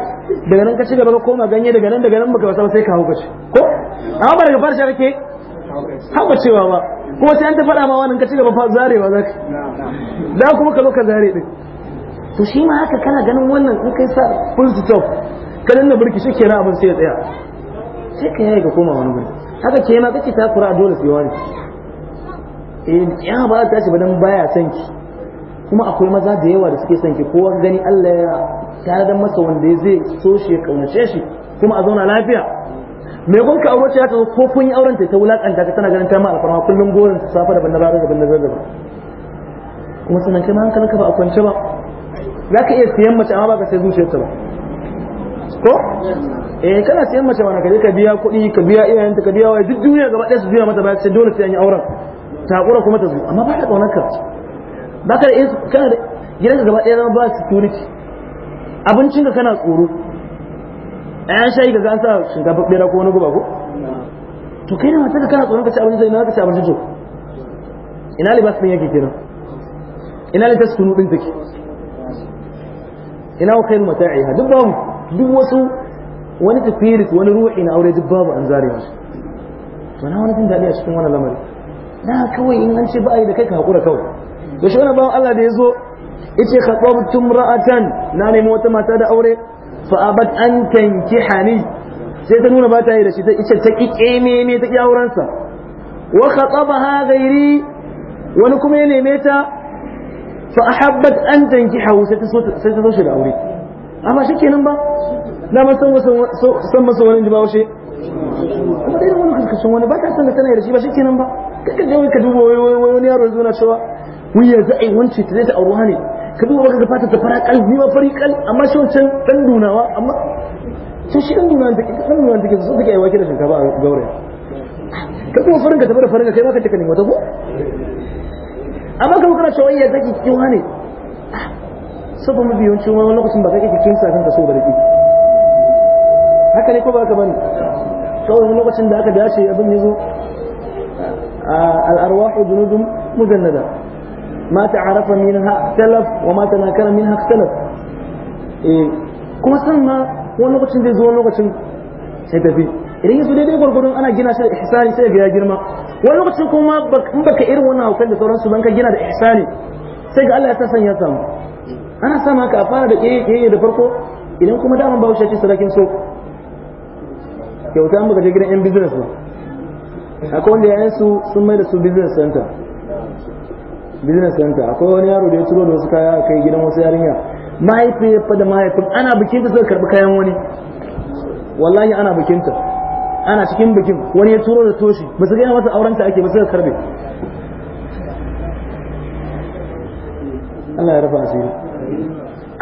daga nan ka ci gaba ka koma ganye daga nan daga nan baka wasa sai ka hauka shi ko amma ba daga farshe kake hauka cewa ba kuma sai an ta faɗa ma wannan ka ci gaba fa zarewa zaka da kuma ka zo ka zare din to shi ma haka kana ganin wannan in kai sa full stop ka danna burki shike na abin sai ya tsaya sai ka yayi ga koma wani guri haka ke ma kake kura dole sai wani eh ya ba ta ce badan baya son ki kuma akwai maza da yawa da suke son ki kowa gani Allah ya tare da masa wanda ya zai so shi ya kaunace shi kuma a zauna lafiya me a wacce ya ta ko kun yi auren ta ta wulakanta ka tana ganin ta ma alfarma kullum gorin safa da banna da banna kuma sanan kai ma hankalinka ba a kwance ba za ka iya siyan mace amma ba ka sai ta ba ko eh kana siyan mace mana ka je ka biya kuɗi ka biya iyayenta ka biya wai duk duniya gaba ɗaya su biya mata ba sai dole sai an yi auren ta hakura kuma ta zo amma ba ta ƙaunar ka ba ka da kana da ka gaba ɗaya zama ba security ka kana tsoro ɗayan shayi ka gansa shinkafa ɓera ko wani guba ko to kai da mata ka kana tsoron ka ci abinci sai na ka ci abinci to ina libas ɗin yake kenan ina litas kunu ɗin take ina wa mata mata'iha duk babu duk wasu wani tafiris wani ruhi na aure duk babu an zare musu to na wani jin daɗi a cikin wani lamari na kawai in an ce ba a yi da kai ka haƙura kawai da shi wani bawan Allah da ya zo yace khatabtum ra'atan na nemi wata mata da aure fa abat an tankihani sai ta nuna ba ta yi da shi ta ice ta ki keme me ta ki aurensa wa khatabaha ghairi wani kuma ya neme ta fa ahabbat an tankihahu sai ta so sai ta so shi da aure ba na ma san wasu san masa wani ba washe kuma dai wani kaskashin wani ba ka san da tana da shi ba shikenan ba kaka je ka duba wani yaro zuwa cewa wuya za a yi wance ta zai ta auri hane ka baka ga fata ta fara ni ma fari amma shi wancan dan dunawa amma to a ka kai amma kuma kana cewa ya zaki cikin wani ah, saboda mafi cewa wani lokacin ba zaki cikin sa kanka so ba da kike haka ne ko ba ka bani saboda wani lokacin da aka dace abin yazo al-arwahu junudun mujannada ma ta'arafa minha talaf wa ma tanakara minha talaf eh kuma san ma wani lokacin ya zo wani lokacin sai tafi idan yanzu daidai gwargwadon ana gina shi da ihsani sai ga ya girma wani lokacin kuma in baka irin wannan haukan da sauransu ban ka gina da ihsani sai ga Allah ya san ya samu ana samu haka a fara da kiyaye da farko idan kuma daman ba wuce ce sadakin so kyauta an baka je gidan yan business ba akwai wanda ya su sun mai da su business center business center akwai wani yaro da ya turo da wasu kaya kai gidan wasu yarinya mahaifiyar da mahaifin ana bikin ta suka karbi kayan wani wallahi ana bikin ta ana cikin bikin wani ya turo da toshi ba su gaya masa aurenta ake ba suka karbe Allah ya rafa asiri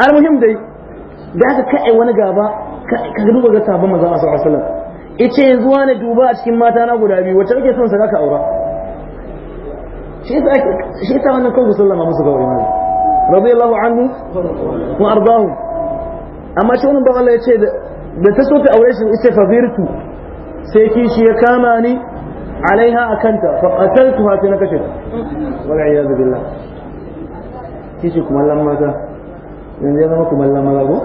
almuhim dai da haka kai wani gaba ka duba ga sabon maza a sallallahu alaihi wasallam yace zuwa na duba a cikin mata na guda biyu wacce kake son sa ka aura shi yasa shi yasa wannan kanku sallama musu gauri ne radiyallahu anhu wa ardahu amma shi wannan bawan Allah yace da ta so ta aure shi ita fazirtu sai kishi ya kama ni alaiha a kanta fa qataltuha sai na kashe ta wal iyadu billah kishi kumallan maza yanzu ya zama kumallan maza ko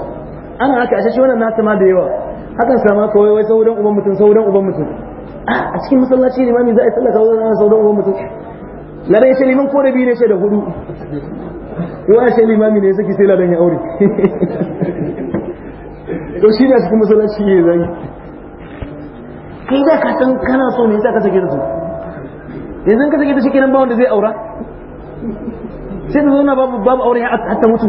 ana haka a shi wannan nasa ma da yawa hakan sama kawai wai Sa'udan uban mutum Sa'udan uban mutum ah, a cikin masallaci limami za a yi sallah Sa'udan uban mutum ladan ya ce liman ko da biyu ne ce da hudu yau ya ce limami ne saki sai ladan ya aure to shi ne a cikin masallaci ya zai kai da ka san kana so me yasa ka sake su yanzu ka sake ta shi kenan ba wanda zai aura sai da zauna babu babu aure ya hatta mutu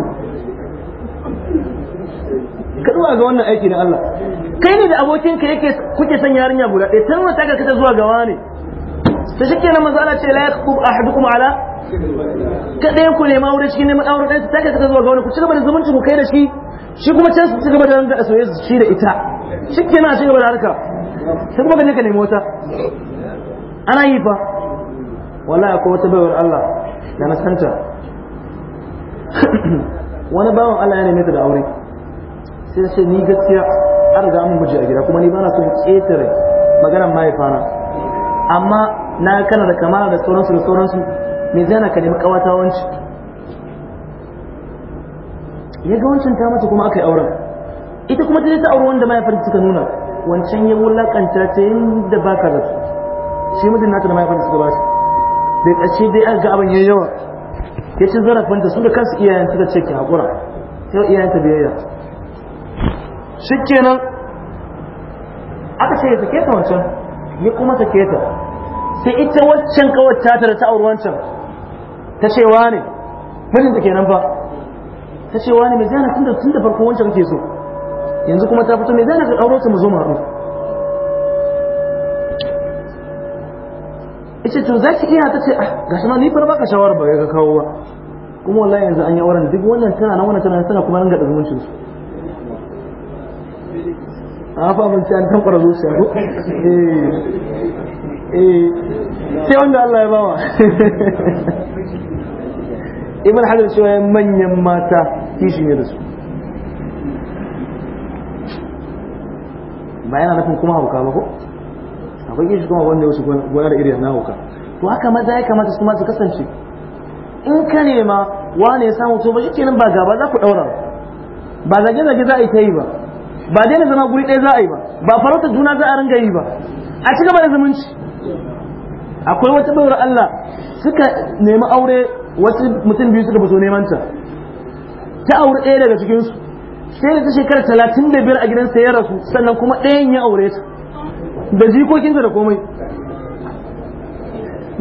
ka zuwa ga wannan aiki na Allah kai ne da abokin ka yake kuke san yarinya guda ɗaya tun wata ka kace zuwa gawa ne to shi kenan manzo Allah ce la yaqub ahadukum ala kaɗayan ku nema wurin cikin neman auren ɗansa ta kasa zuwa ga wani ku gaba da zumunci ku kai da shi shi kuma can su gaba da ranta a soyayya shi da ita shi kenan a gaba da harka sai kuma kaje ka nemi wata ana yi fa wallahi akwai wata baiwar Allah da na santa wani bawan Allah ya neme ta da aure sai sai ni gaskiya an riga mun miji a gida kuma ni bana son ƙetare maganar mahaifana amma na kana da kamala da sauransu da sauransu me zai na ka nemi kawata ya ga wancan ta mata kuma aka yi auren ita kuma ta je ta auri wanda mahaifar suka nuna wancan ya wulakanta ta yadda ba ka zato shi na nata da mahaifar suka ba su da dai an ga abin ya yawa ya ci zarafinta su da kansu iyayen suka ce ki haƙura yau iyayen ta biyayya shi kenan aka ce ya sake ta wancan ya kuma sake ta sai ita wancan kawar ta da ta auri wancan ta ce wa ne mijinta kenan ba ta ce wa ne mai na tun da farko wancan ke so yanzu kuma ta fito me zai ka aure ta mu zo mu ita yace za zaki iya ta ce ah ga ma ni fara baka shawara ba ga kawo ba kuma wallahi yanzu an yi auren duk wannan tana nan wannan tana tana kuma ranga da zumuncin su a fa mun ci an tankwara zuciya ko eh eh sai wanda Allah ya bawa ibn hajar cewa manyan mata kishi ne da su ba yana nufin kuma hauka ba ko akwai kishi kuma wanda ya wuce gona da iri na hauka to haka maza ya kamata su ma su kasance in ka nema ne ya samu to ba shi kenan ba gaba za ku daura ba zage zage za a yi ta yi ba ba daina zama guri ɗaya za a yi ba ba farauta juna za a ringa yi ba a ci gaba da zumunci akwai wata bayar Allah suka nemi aure wasu mutum biyu suka fito neman ta ta aure ɗaya daga cikinsu sai da ta shekara talatin da biyar a gidansa ya rasu sannan kuma ɗayan ya aure ta da jikokinsa da komai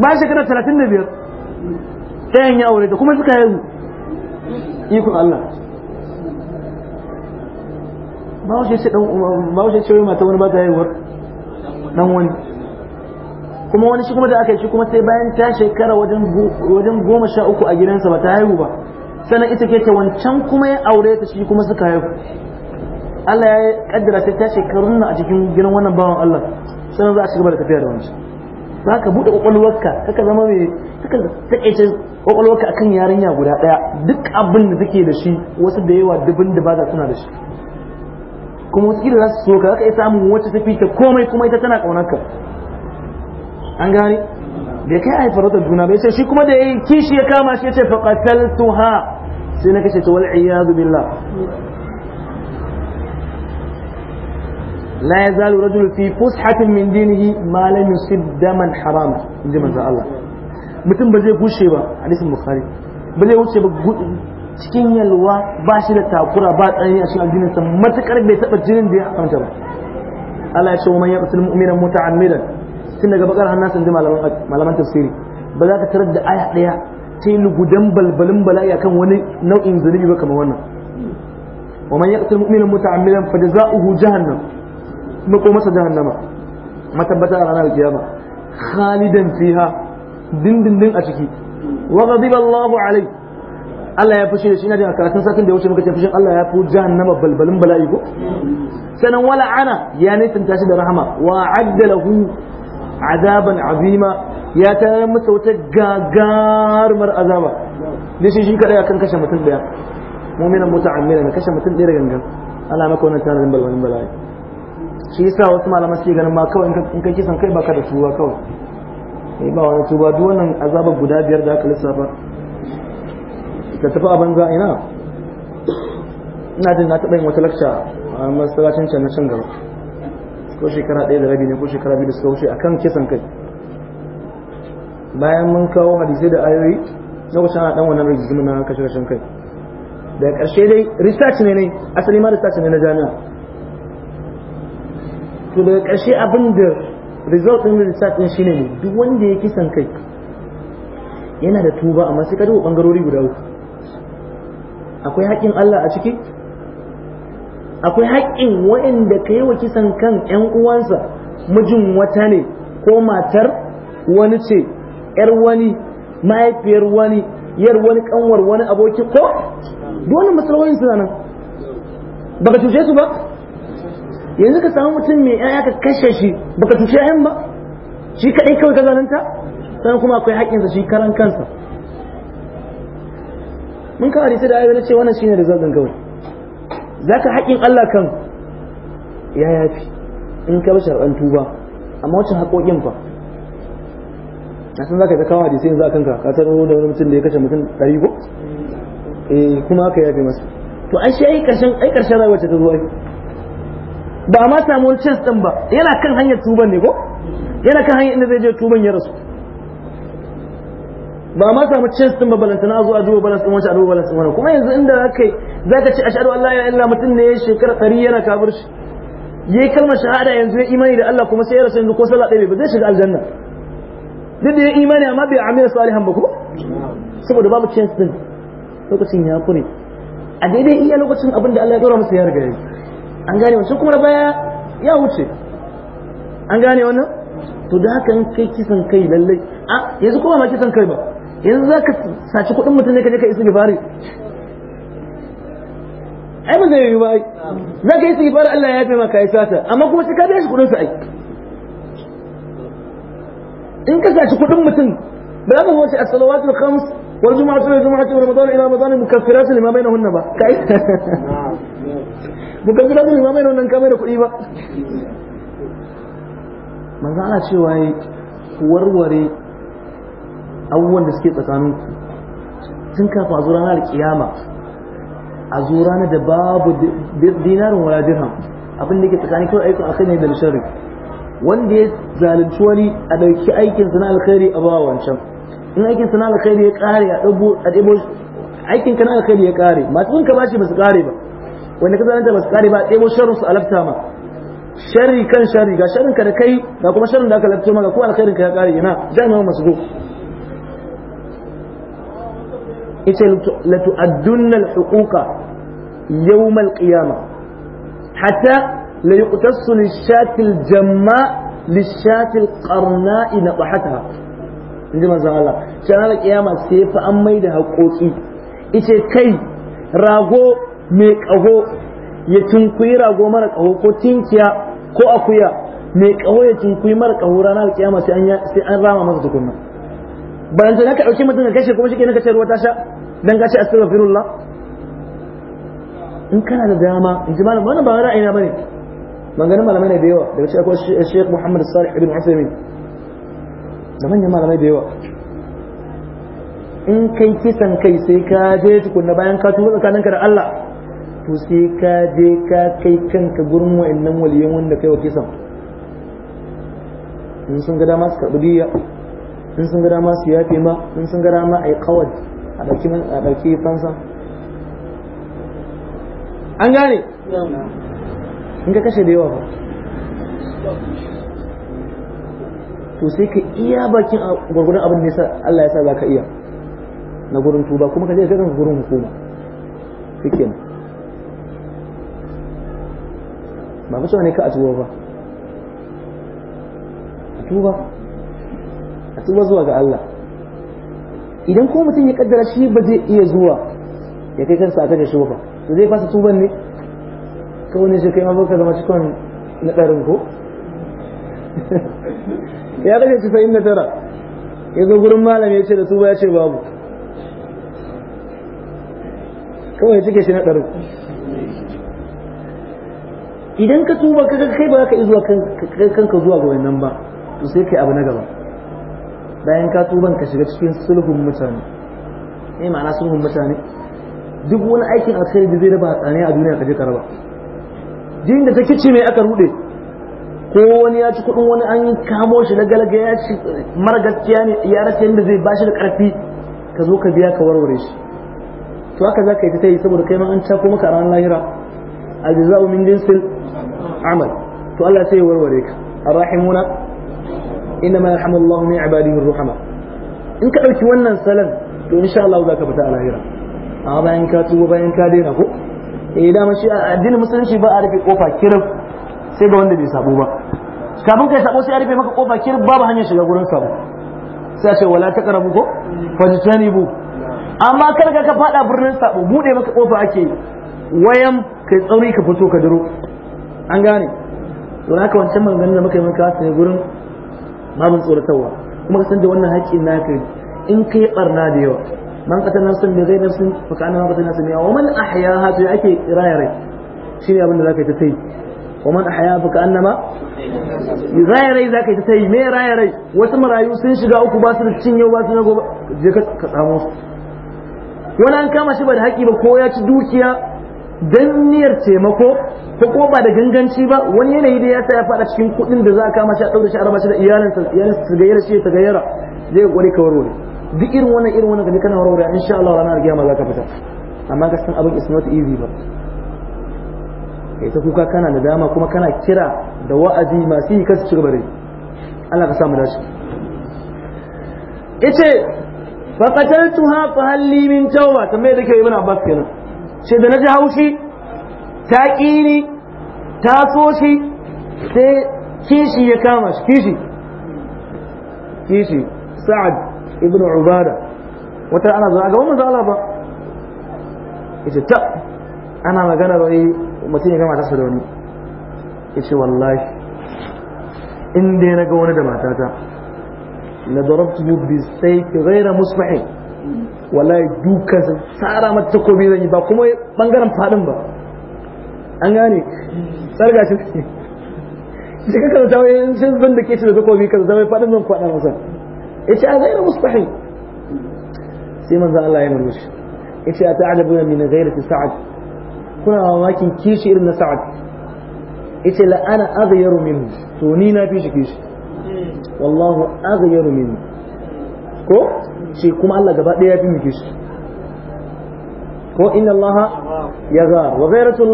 ba shekara talatin da biyar ɗayan ya aure ta kuma suka haihu ikon Allah ba wace ce dan ba ce mata wani ba ta haihuwar dan wani kuma wani shi kuma da aka yi shi kuma sai bayan ta shekara wajen goma sha uku a gidansa ba ta haihu ba sannan ita ke ta wancan kuma ya aure ta shi kuma suka haihu Allah ya kaddara ta tashi karunna a cikin gidan wannan bawan Allah sannan za a shiga da tafiya da wancan za ka buɗe kwakwalwarka kaka zama mai kaka taƙaice kwakwalwarka akan yarinya guda ɗaya duk abin da take da shi wasu da yawa dubin da ba za suna da shi kuma wasu kila za su so ka zaka iya samun wacce ta fita komai kuma ita tana ƙaunarka an gane bai kai a yi farautar juna bai sai shi kuma da ya yi kishi ya kama shi ya ce faƙataltuha sai na kashe ta wal iyadu billah la yazalu rajul fi fushatin min dinihi ma lam harama manzo Allah mutum ba zai gushe ba hadisin bukhari ba zai wuce ba cikin yalwa ba shi da takura ba tsanani a cikin addinin sa matakar bai taba jinin da ya haramta ba Allah ya ce wa man yaqtul mu'mina muta'ammidan tun daga bakar hannasan da malaman tafsiri ba za ka tarar da aya daya ta yi lugudan balbalin bala'i akan wani nau'in zunubi ba kamar wannan wa man yaqtul mu'mina muta'ammidan fa jazaohu jahannam mako masa jahannama matabbata a ranar kiyama khalidan fiha dindindin a ciki wa ghadiba Allahu alai Allah ya fushi da shi na da karatun satin da ya wuce muka ce fushin Allah ya fi jahannama balbalin bala'i ko sanan wala ana ya nisan tashi da rahama wa addalahu azaban azima ya tayar masa wata gagarumar azaba ne shi shi kadai akan kashe mutum daya mu'minan na kashe mutum daya da gangan ala maka wannan tarin balbalin bala'i shi yasa wasu malama suke ganin ma kawai in kai kisan kai baka da tuba kawai sai eh, ba wani tuba duk wannan azabar guda biyar da aka lissafa ka tafi a banza ina ina jin na taɓa yin wata lakca a masallacin can na can gaba ko shekara ɗaya da rabi ne ko shekara biyu da suka wuce kan kisan kai bayan mun kawo hadisai da ayoyi na kusa na dan wannan rigimin na kashe kashen kai da karshe dai research ne ne asali ma research ne na jami'a to daga karshe abin da result din research din shine ne duk wanda ya kisan kai yana da tuba amma sai ka duba bangarori guda uku akwai haƙƙin Allah a ciki akwai haƙƙin waɗanda ka yi wa kisan kan ƴan uwansa mijin wata ne ko matar wani ce yar wani mahaifiyar wani yar wani kanwar wani aboki ko dole masalahoyin suna nan baka cuce su ba yanzu ka samu mutum mai yaya ka kashe shi baka cuce yan ba shi kadai kawai ka zananta? sannan kuma akwai haƙƙinsa shi karan kansa mun kawo hadisi da ayoyi na ce wannan shine result din kawai zaka haƙƙin Allah kan ya yafi in ka bi shar'an tuba amma wacin haƙoƙin fa na san ka ga kawo hadisai yanzu akan ka ka taro da wani mutum da ya kashe mutum ɗari ko eh kuma haka ya fi masa to an shi ai karshen ai karshen rayuwar ta zuwa ba ma samu wani chance din ba yana kan hanyar tuban ne ko yana kan hanyar inda zai je tuban ya rasu ba ma samu chance din ba balantana zo a duba balance din wacce a duba balance din wani kuma yanzu inda zaka zaka ce ashhadu an la ilaha illa mutum ne ya shekara tsari yana ya yayi kalmar shahada yanzu ya imani da Allah kuma sai ya rasu yanzu ko sallah ɗaya ba zai shiga aljanna duk da ya imani amma bai da salihan ba kuma? saboda babu chance din lokacin ya kune a daidai iya lokacin abin da Allah ya dora musu ya riga an gane wannan kuma da baya ya wuce an gane wannan to da haka in kai kisan kai lalle a yanzu kuma ma kisan kai ba yanzu za ka saci kuɗin mutum ne ka je ka isa gifari ai ba zai yi ba ai ka isa gifari Allah ya yafe maka ya sata amma kuma sai ka biya shi kuɗin su ai in ka saci kuɗin mutum ba za ka wace a salawatul khams wal jumu'atu wal jumu'atu wa ramadan ila ramadan mukaffiratu lima bainahunna ba kai mukaffiratu lima bainahunna ka mai da kuɗi ba manzo Allah cewa yi warware abubuwan da suke tsakaninku tun kafa a zo ranar kiyama a zo ranar da babu dinarin wala dirham abin da yake tsakanin kawai aikon akai ne da sharri wanda ya zalunci wani a ɗauki aikin na alkhairi a bawa wancan in aikin na alkhairi ya kare a ɗabo aikin ka na alkhairi ya kare masu bin ka bashi ba su ƙare ba wanda ka zalunta ba su ƙare ba a ɗebo sharrin su a lafta ma sharri kan sharri ga sharrin ka da kai ga kuma sharrin da aka lafto maka ko alkhairin ka ya ƙare ina jami'an masu zo ita latu'addunna al-huquqa yawm al-qiyamah hatta la yuqtasu lishati aljamma lishati alqarna'i nabahataha inji manzon Allah ranar kiyama sai fa an mai da haƙoƙi ice kai rago me ƙaho ya tunkuyi rago mara ƙaho ko tinkiya ko akuya me kaho ya tunkuyi mara ƙaho ranar kiyama sai an rama masa tukunna bayan ta ka ɗauki mutum ka kashe kuma shi ke ka ruwa ta sha dan ka ce astaghfirullah in kana da dama in ji malam wannan ba ra'ayina bane maganganun malamai ne da yawa daga cikin akwai Sheikh Muhammad Salih ibn Uthaymeen da manyan malamai da yawa in kai kisan kai sai ka je tukunna bayan ka tuba tsakaninka da Allah to sai ka je ka kai kanka gurin wa'annan waliyan wanda kai wa kisan in sun ga dama su karɓi diya in sun ga dama su yafe ma in sun ga dama a yi kawad a ɗauki fansa an gane in ka kashe da yawa ba to sai ka iya bakin gwargwadon abin da Allah ya sa za ka iya na gurin tuba kuma ka je ka kanka gurin hukuma shikenan ba fa ne ka a tuba ba a tuba a tuba zuwa ga Allah idan ko mutum ya kaddara shi ba zai iya zuwa ya kai kansa a kashe shi ba to zai fasa tuban ne ko wani shi kai ma ka zama cikon na ɗarin ko ya kashe ci fa'in da tara ya zo gurin malam ya ce da tuba ya ce babu kawai ya cike shi na ɗarin idan ka tuba ka kai ba ka zuwa kanka zuwa ga wannan ba to sai kai abu na gaba bayan ka tuban ka shiga cikin sulhun mutane ne ma'ana sulhun mutane duk wani aikin alkhairi da zai raba tsane a duniya ka je ka raba din da ta kici mai aka rude ko wani ya ci kudin wani an kamo shi na galaga ya ci mara gaskiya ne ya rasa yadda zai bashi da karfi ka zo ka biya ka warware shi to haka za ka yi ta yi saboda kai ma an cako maka a ranar lahira aljaza'u min jinsil amal to Allah sai ya warware ka arrahimuna inna ma yarhamullahu min ibadihi arrahama in ka dauki wannan salan to insha Allah za ka fita a lahira amma bayan ka tuba bayan ka daina ko eh dama shi addinin musulunci ba a rufe kofa kirif sai ga wanda bai sabo ba kafin kai sabo sai a rufe maka kofa kirif babu hanyar shiga gurin sabo sai a ce wala ta karabu ko bu, amma kar ka fada birnin sabo bude maka kofa ake wayan kai tsauri ka fito ka duro an gane don haka wancan maganganun da muka yi maka ne gurin babin tsoratarwa kuma ka san da wannan haƙƙin naka in kai barna da yawa man qatala nafsan bi ghayri nafsin fa kana man qatala nafsan wa man ahyaha to ake rayare shine abin da zaka ta tai wa man ahyaha fa kana ma rayare zaka ta tai me rayare wasu marayu sun shiga uku ba su da cinye ba su na gobe je ka tsamo su wani an kama shi ba da haƙi ba ko ya ci dukiya don niyyar taimako ko ko ba da ganganci ba wani yanayi da ya sa ya faɗa cikin kuɗin da za a kama shi a ɗaure shi a raba shi da iyalinsa iyalinsa su gayyara shi ta gayyara zai gwari kawar wani duk irin wannan irin wannan gaji kana warware in sha Allah ranar kiyama za ka fita amma ka san abin is not easy ba kai ta kuka kana da dama kuma kana kira da wa'azi masu yi kasu cigaba da Allah ka samu dace yace fa qataltuha fa halli min tawba kamar yadda ke ibn Abbas kenan ce da naji haushi ta kini ta so shi sai kishi ya kama shi kishi kishi sa'ad ibn ubada wata ana zuwa ga manzo Allah ba yace ta ana magana da yi mutum ya gama da wani yace wallahi in dai na ga wani da matata la darabtu bi sayfi ghayra musbih wallahi dukan san tsara mata takobi zan yi ba kuma bangaren fadin ba an gane sarga shi shi kaka da tawaye sun bin da ke shi da takobi kaza zama fadin zan kwada masa yace a ghayra mustahil sai manzo Allah ya murmushi yace a ta'jabuna min ghayrati sa'ad kuna mamakin kishi irin na sa'ad yace la ana aghyaru min to ni na fi shi kishi ko shi kuma Allah gaba daya fi mu kishi ko inna Allah yaghar wa ghayratu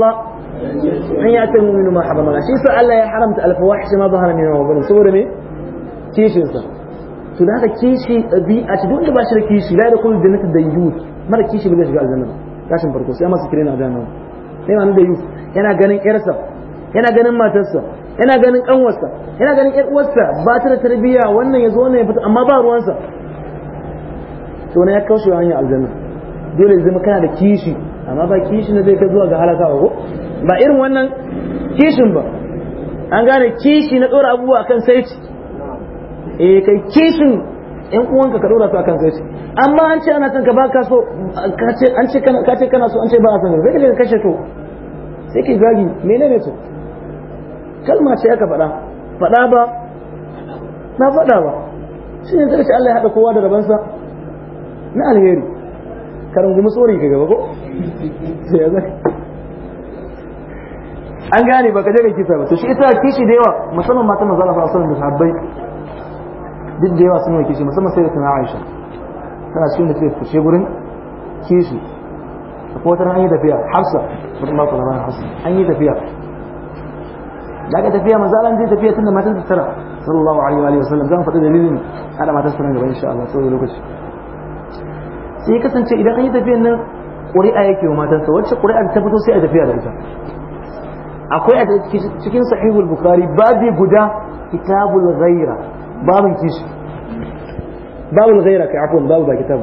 an ya ta muminu ma harama shi sa Allah ya haramta alfawahish ma bahara min wa saboda me kishin sa to da haka kishi bi a duk da ba shi da kishi la yadkhulu jannata dayyus mara kishi ba zai shiga aljanna kashin farko sai masu kirena aljanna sai ma da yus yana ganin yarsa yana ganin matarsa yana ganin kanwarsa yana ganin yar uwarsa ba ta da tarbiyya wannan yazo wannan ya fita amma ba ruwansa to ne ya kawo hanyar aljanna dole zama kana da kishi amma ba kishi ne zai ka zuwa ga halaka ba ko ba irin wannan kishin ba an gane kishi na tsora abubuwa akan saiti E kai kishin yan uwanka ka dora su akan kai amma an ce ana son ka baka so an ce ka ce kana so an ce ba a son zai ka kashe to sai kai zagi menene to kalma ce aka faɗa faɗa ba na faɗa ba shi ne tsarki Allah ya haɗa kowa da rabansa na alheri karin kuma tsori ka gaba ko sai ya zai an gane ba ka je ka kisa ba to shi ita kishi da yawa musamman matan manzo Allah sallallahu alaihi da sahabbai duk da yawa sun wanke shi musamman sai da tana aisha tana cikin da take fice gurin kishi ko wata an yi tafiya hafsa mutum ba ku labarin hafsa an yi tafiya da aka tafiya manzo Allah zai tafiya tunda matan tattara sallallahu alaihi wa sallam zan faɗi dalilin ana matan tattara gaba insha Allah saboda lokaci sai kasance idan an yi tafiyan nan ƙuri'a yake wa matansa wacce ƙuri'a ta fito sai a tafiya da ita akwai a cikin sahihul bukhari babi guda kitabul ghaira babin kishi babul ghaira kai afwan babu ba kitab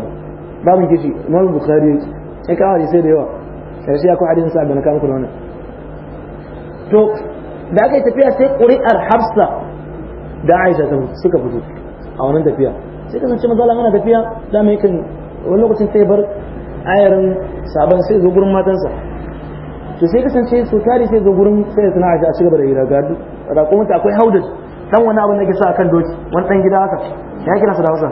babin kishi imam bukhari sai ka hadisi da yawa sai sai akwai hadisin sa da na kawo to da aka yi tafiya sai ƙuri'ar hafsa da aisha ta suka a wannan tafiya sai kasance mazala ana tafiya da mai wani lokacin bar ayarin sabon sai zo matansa to sai kasance su tari sai zo sai suna a cigaba da hira ga raƙo akwai haudar dan wani abin da ke sa akan doki wani dan gida haka ya kira su da wasa?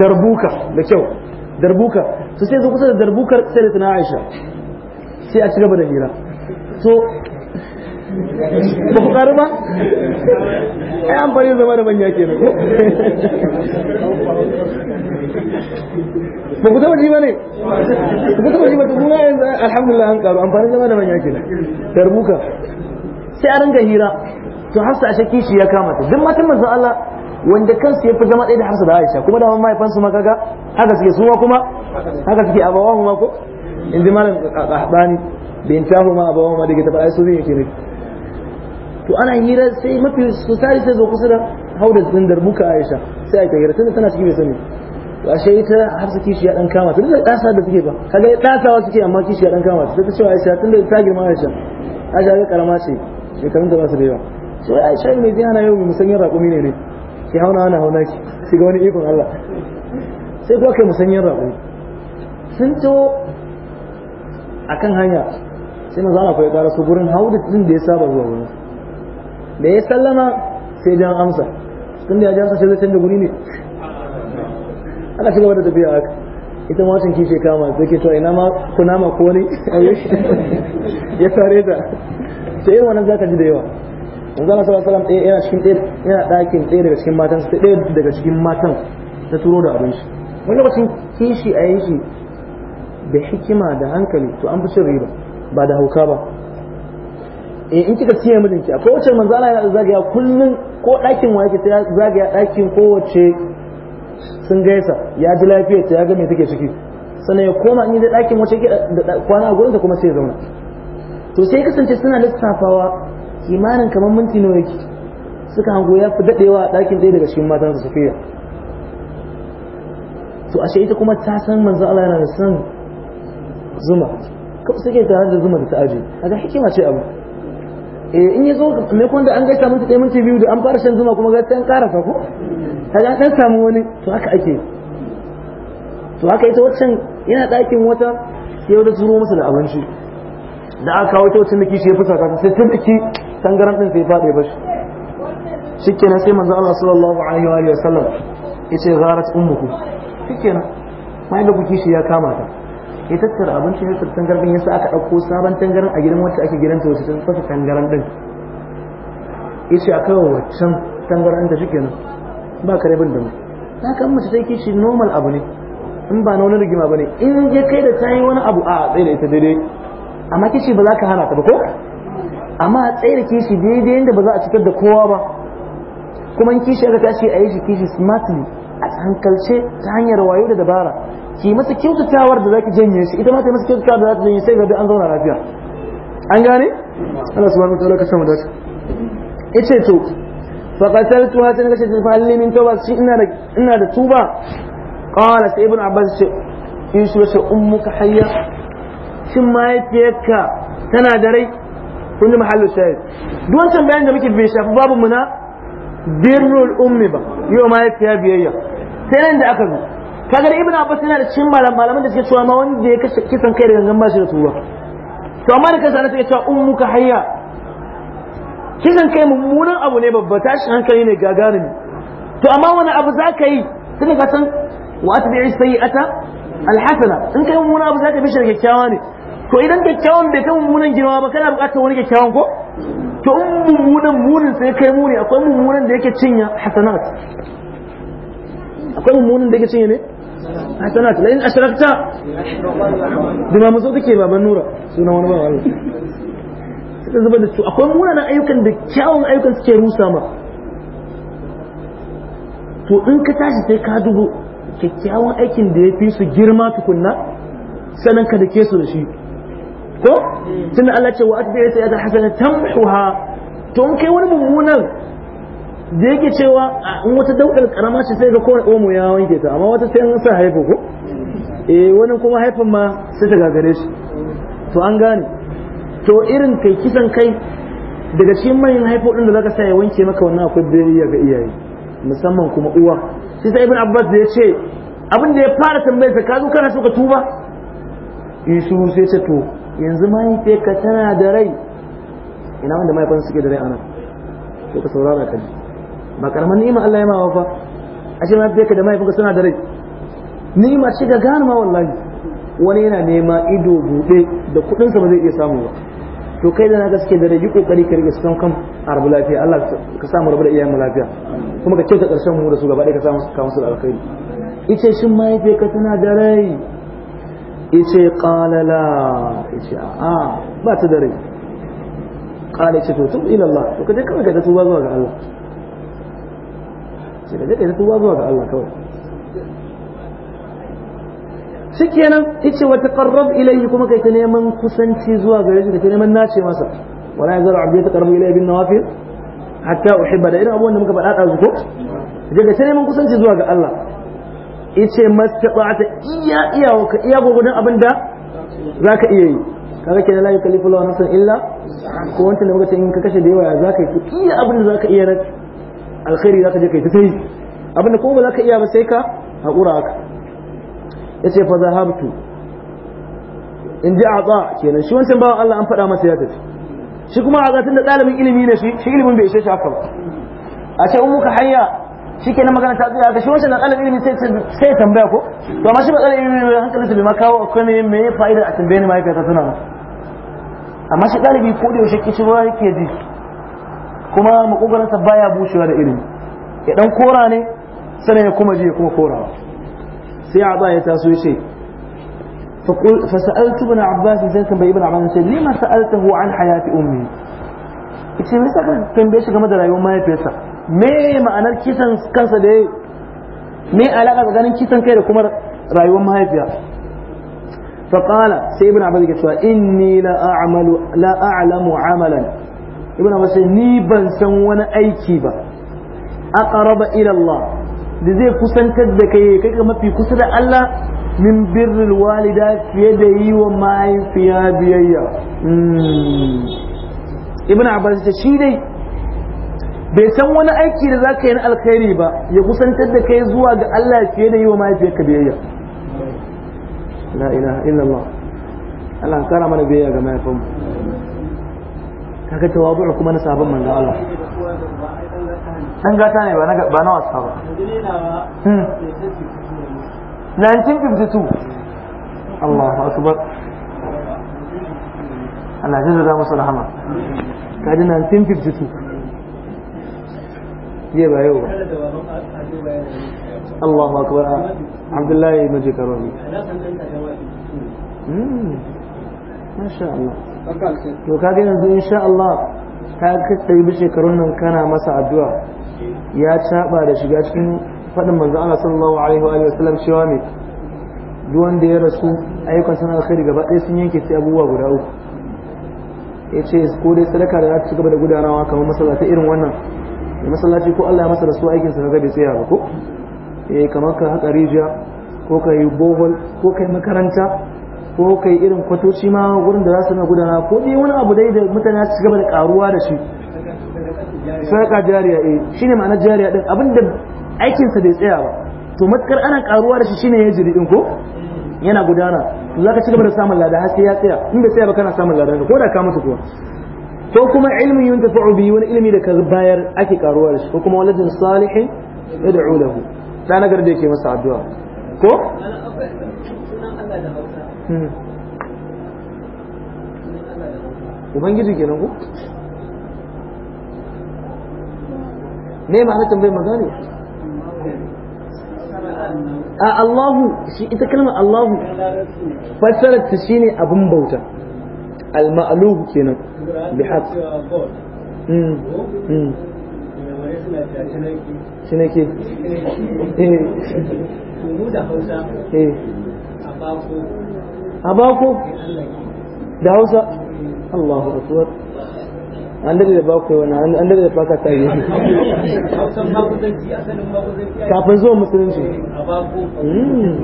darbuka da kyau darbuka su sai su kusa da darbukar sai da tana aisha sai a ci gaba da hira so ba ku ƙaru ba ai amfani zama da manya ke ba ku taɓa ji ba ne ba ku taɓa ji ba ku kuma yanzu alhamdulillah an ƙaru amfani zama da manya ke darbuka sai a ringa hira to hafsa ashe shi ya kama ta duk matan manzon Allah wanda kansu ya fi zama ɗaya da hafsa da aisha kuma da mamman mahaifansu ma kaga haka suke suma kuma haka suke abawahu ma ko in ji malam kahbani bin tahu ma abawahu ma daga tabar aisu yake ne to ana hira sai mafi tari sai zo kusa da haudar da muka aisha sai aka hira tunda tana cikin mai sani to ashe ita hafsa kishi ya dan kama ta duk da ɗasa da suke ba kaga ɗasawa suke amma kishi ya dan kama ta sai ta ce aisha tunda ta girma aisha aisha ga karama ce shekarun da ba su da yawa wai a shan mai ana yau musanyen raƙumi ne ne ki hauna ana hauna ki shi ga wani ikon Allah sai kuwa kai musanyen raƙumi sun to a kan hanya sai manzo Allah ya ƙara su gurin haudu din da ya saba zuwa wani da ya sallama sai jan amsa tun da ya jansa sai zai canza guri ne aka shiga wata tafiya haka ita ma wancan kama sai ke cewa ina ma kunama ko ne ya tare ta sai irin wannan zaka ji da yawa yanzu ana sallallahu alaihi wasallam yana cikin yana ɗakin ɗaya daga cikin matan su ɗaya daga cikin matan ta turo da abinci wani lokacin kishi a yanki da hikima da hankali to an fi cin riba ba da hauka ba eh, in kika siya mijinki akwai wacce manzo Allah yana zagaya kullun ko ɗakin wa yake ta zagaya ɗakin kowace sun gaisa ya ji lafiya ta ya ga me take ciki sannan ya koma in da ɗakin wacce yake kwana a gurin ta kuma sai ya zauna to sai kasance suna lissafawa kimanin kamar minti nawa yake suka hango ya fi dadewa dakin ɗakin daga cikin matan su safiya to ashe ita kuma ta san manzo Allah yana san zuma ko suke tare da zuma da ta aje kaga hikima ce abu eh in yazo me kun da an gaisa minti ɗaya minti biyu da an fara shan zuma kuma ga an karasa ko kaga dan samu wani to haka ake to haka ita wancan yana ɗakin wata yau da turo masa da abinci da aka kawo ta waccan da kishi ya fusa ka sai ta biki tangaran din sai faɗi ba shi shikenan sai manzo Allah sallallahu alaihi wa sallam yace gharat ummuku shikenan mai da buki shi ya kama ta ya tattara abinci ya sai tangaran din yasa aka dauko sabon tangaran a gidan wacce ake gidan ta wacce ta fasa tangaran din yace akai waccan tangaran da shikenan ba kare bin da mu ta kan mace sai kishi normal abu ne in ba na wani rigima bane in je kai da tayi wani abu a tsaye da ita daidai amma kishi ba za ka hana ta ba ko amma a tsaye da kishi daidai yadda ba za a cikar da kowa ba kuma in kishi aka tashi a yi shi kishi smartly a hankalce ta hanyar wayo da dabara ki masa kyautatawar da zaki janye shi ita ma ta masa kyautatawar da zaki janye sai ga an zauna lafiya an gane Allah subhanahu wataala ka samu dace yace to fa qataltu hatta na kace fa halli min tauba shi ina da ina da tuba qala sai ibn abbas shi in shi wace ummuka hayya shin mahaifiyarka tana da rai kun ji mahallu shahid duk wancan bayan da muke bai shafi babu mu na birrul ummi ba yau ma ya fiya biyayya sai nan da aka zo kaga ibn abbas yana da cikin malaman da suke cewa ma wanda ya kashe kisan kai da gangan bashi da tuba to amma da kansa sai ya cewa ummuka hayya kisan kai mummunan abu ne babba tashin hankali ne gagarumi to amma wani abu za ka yi tunda ka san wa atbi'i sayyi'ata alhasana in kai mummunan abu za ka bi shi da kyakkyawa ne to idan kyakkyawan bai kai mummunan girma ba kana bukatar wani kyakkyawan ko to in mummunan munin sai kai muni akwai mummunan da yake cinye hasanat akwai mummunan da yake cinye ne hasanat la in ashrakta bima mazo take baban nura suna wani bawan Allah ka zuba da su akwai munanan ayyukan da kyawun ayyukan suke rusa ma to in ka tashi sai ka dubo kyakkyawan aikin da ya fi su girma tukunna sanan ka da ke su da shi ko tunda Allah ce wa atbi'i ya hasana tamhuha to in kai wani mummunan da yake cewa in wata daukar karama ce sai ga kowane omo ya wanke ta amma wata sai an sa haifa ko eh wani kuma haifan ma sai ta gagare shi to an gane to irin kai kisan kai daga cikin manyan haifo din da zaka sa ya wanke maka wannan akwai biyayya ga iyaye musamman kuma uwa sai sai ibn abbas da ya ce abin da ya fara tambayar ka zo kana so ka tuba yusuf sai ce to yanzu ka tana da rai ina wanda mahaifan suke da rai ana to ka saurara ka ji ba karamar ni'ima Allah ya ma a fa ashe ka da mahaifinka suna da rai ni'ima ce ga gane ma wallahi wani yana nema ido bude da kuɗinsa ba zai iya samu ba to kai da na gaske da rai, kokari ka rike san kan arabu lafiya Allah ka samu rabu da iyayen lafiya kuma ka ce ta karshen mu da su gaba ɗaya ka samu su da alkhairi ita shin ka tana da rai yace ƙalala la yace a'a ba ta da rai qala yace to tub ila Allah to kaje kawai ka tuba zuwa ga Allah sai kaje ka tuba zuwa ga Allah kawai shikenan yace wa taqarrab ilayhi kuma kai ta neman kusanci zuwa gare shi kai neman nace masa wala yazal ta taqarrab ilayhi bin nawafil hatta uhibba da irin abubuwan da muka faɗa ɗazu ko daga ta neman kusanci zuwa ga Allah yace ta iya iya ka iya gogodin abinda ka iya yi kaga kenan la yukallifu Allahu nafsan illa ko wanda da muka ce in ka kashe da yawa zaka yi to iya abinda ka iya rak alkhairi za ka je kai ta sai abinda ko ba ka iya ba sai ka hakura haka yace fa zahabtu in ji atsa kenan shi wancan bawan Allah an faɗa masa ya tafi shi kuma a zatin da ɗalibin ilimi ne shi shi ilimin bai ishe shi haka ba a ce in muka hanya shi na magana ta tsaya ga shi wancan matsalar ilimi sai tambaya ko to amma shi matsalar ilimi bai hankalinsa bai ma kawo akwai me me fa'idar a tambaye ni ma'aikata tana ma amma shi ɗalibi ko da yaushe ba yake ji kuma makogaransa baya bushewa da ilimi ya dan kora ne sannan ya kuma je ya kuma korawa sai a baya taso ya ce فسألت ابن عباس زيت بن ابن عباس لما سألته عن حياة أمي ce me yasa kan tambaye shi game da rayuwar mahaifiyarsa me ma'anar kisan kansa da me alaka tsakanin kisan kai da kuma rayuwar mahaifiya fa qala sai ibn abbas ya ce inni la a'malu la a'lamu amalan ibn abbas ni ban san wani aiki ba aqraba ila Allah da zai kusantar da kai kai mafi kusa da Allah min birrul walida fiye da yi wa mahaifiya biyayya hmm. ibn abbas ta shi dai bai san wani aiki da zaka yi na alkhairi ba ya kusantar da kai zuwa ga Allah fiye da yi wa mahaifiyarka biyayya la ilaha illallah Allah kara mana biyayya ga mahaifinmu kaga tawabu kuma na sabon manzo Allah dan gata ne ba na wasa ba 1952 hmm. Allahu akbar Allah ya jaza musu rahama kaji 1952 jiya ba yau ba Allah akbar Abdullahi Maji Karami hmm. Masha Allah to kaga yanzu insha Allah ta kai shekarun nan kana masa addu'a ya caba da shiga cikin faɗin manzo Allah sallallahu alaihi wa sallam cewa ne duk wanda ya rasu ayyukan sana alkhairi gaba ɗaya sun yanke sai abubuwa guda uku ya ce ko dai sadaka da za ta ci gaba da gudanawa kamar masallaci irin wannan da masallaci ko Allah ya masa da su aikin sa kaga bai tsaya ba ko eh kamar ka haka rijiya ko ka yi bohol ko ka yi makaranta ko ka yi irin kwatoci ma wurin da za su na gudana ko dai wani abu dai da mutane su gaba da karuwa da shi sadaka jariya eh shine ma'ana jariya din abinda aikin sa bai tsaya ba to matkar ana karuwa da shi shine ya jiri din ko yana gudana za ka ci gaba da samun lada har sai ya tsaya in bai tsaya ba kana samun lada ko da ka mutu kuwa ko kuma ilmin tafi bihi wani ilimi da ka bayar ake karuwa da shi ko kuma waladin salihin da ulahu da nagar da ke masa addu'a ko hmm. ubangiji ko ne ma magana a Allahu shi ita kalmar Allahu fassarar ta shine abin bauta al-ma'luhu kenan bi hmm, hmm. eh. eh. abako da hausa Allahu akbar an dade da bakwai wannan an dade da ta tare kafin zuwa musulunci hmm.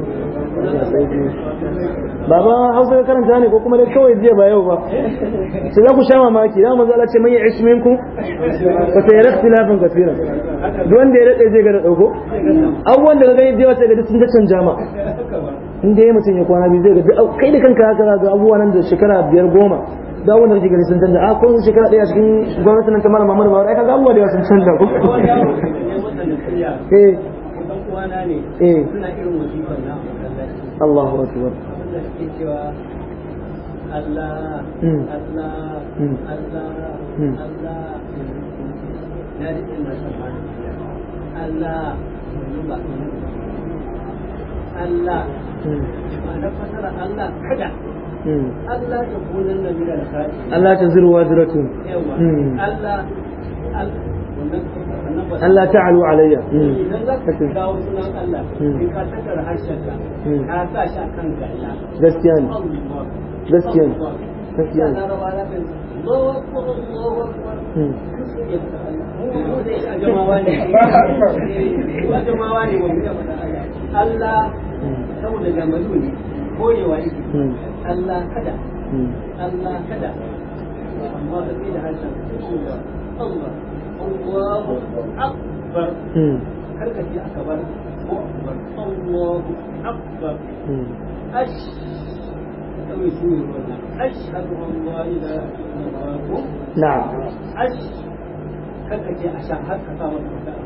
baba hausa ya karanta ne ko kuma dai kawai jiya ba yau ba sai za ku sha mamaki da manzo Allah ce mai ba ta yi rafi lafin kaseera duk wanda ya rade zai ga da dauko abubuwan da gani jiya wata ga sun ta canja ma in dai mutum ya kwana biyu zai ga kai da kanka haka ga abubuwa nan da shekara biyar goma da wannan shi gari sun canza a kun shekara ɗaya cikin gwamnatin nan ta malam mamar ba ai ka ga da sun canza ko eh eh Allahu akbar hmm. Hmm. Hmm. Allah Allah Allah Allah na san Allah Allah Allah Allah Allah ta kunan da mira Allah ta zirwa wazratun hmm. Allah Allah ta alu alayya hmm. idan za ka kawo sunan Allah hmm. in ka takar harshenka ka sa shi a kan gaya gaskiya ne gaskiya ne gaskiya ne Allah saboda gamalu ne korewa yake Allah kada Allah kada amma da zai da harshen kowa Allah Allahu Akbar karka ce akabar ko akbar Allahu Akbar ash kawai su ne wannan ashhadu karka ce asha har ka sa wannan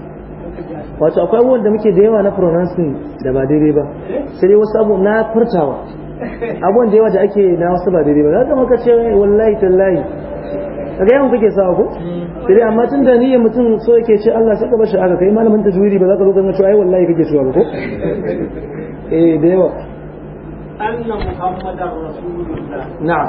wato akwai abubuwan da muke da yawa na pronouncing da ba daidai ba sai wasu abu na furtawa abubuwan da yawa da ake na wasu ba daidai ba za ka maka ce eh, wallahi tallahi kaga yawan kake sawa ko sai amma tun da niyyar mutum so yake ce Allah sai ka bar aka kai malamin juri ba za ka zo ka ce ai wallahi kake cewa ba ko eh da yawa anna muhammadar rasulullah na'am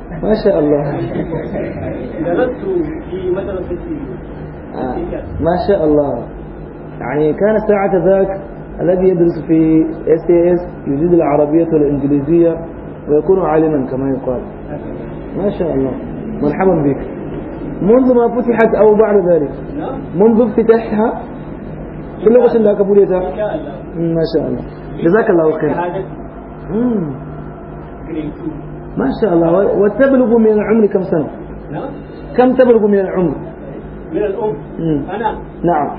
ما شاء الله درست في مدرسة آه، ما شاء الله يعني كان ساعة ذاك الذي يدرس في اس اي اس يجيد العربية والإنجليزية ويكون عالما كما يقال ما شاء الله مرحبا بك منذ ما فتحت أو بعد ذلك نعم. منذ افتتاحها في اللغة اللي أكبوليتها ما شاء الله جزاك الله خير ما شاء الله وتبلغ من العمر كم سنة نعم كم تبلغ من العمر من الأم أنا نعم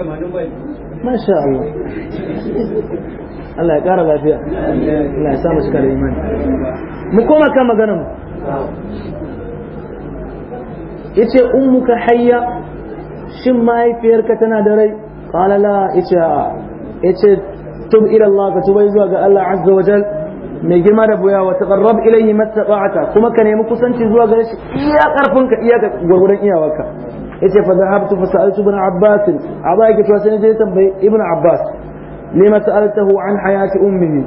ما شاء الله Allah ya ƙara lafiya Allah ya sa mu mu koma kan maganar mu yace ummuka hayya shin mahaifiyarka tana da qala la ita ita tub ilallah ka tuba zuwa ga Allah azza wa jal mai girma da buya wa taqarrab ilayhi mastata'ata kuma ka nemi kusanci zuwa gare shi iya karfin ka iya gurgurun iyawarka yace fa zahabtu fa sa'altu ibn Abbas abai ke to sai je tambayi ibn Abbas lima sa'altahu an hayati ummihi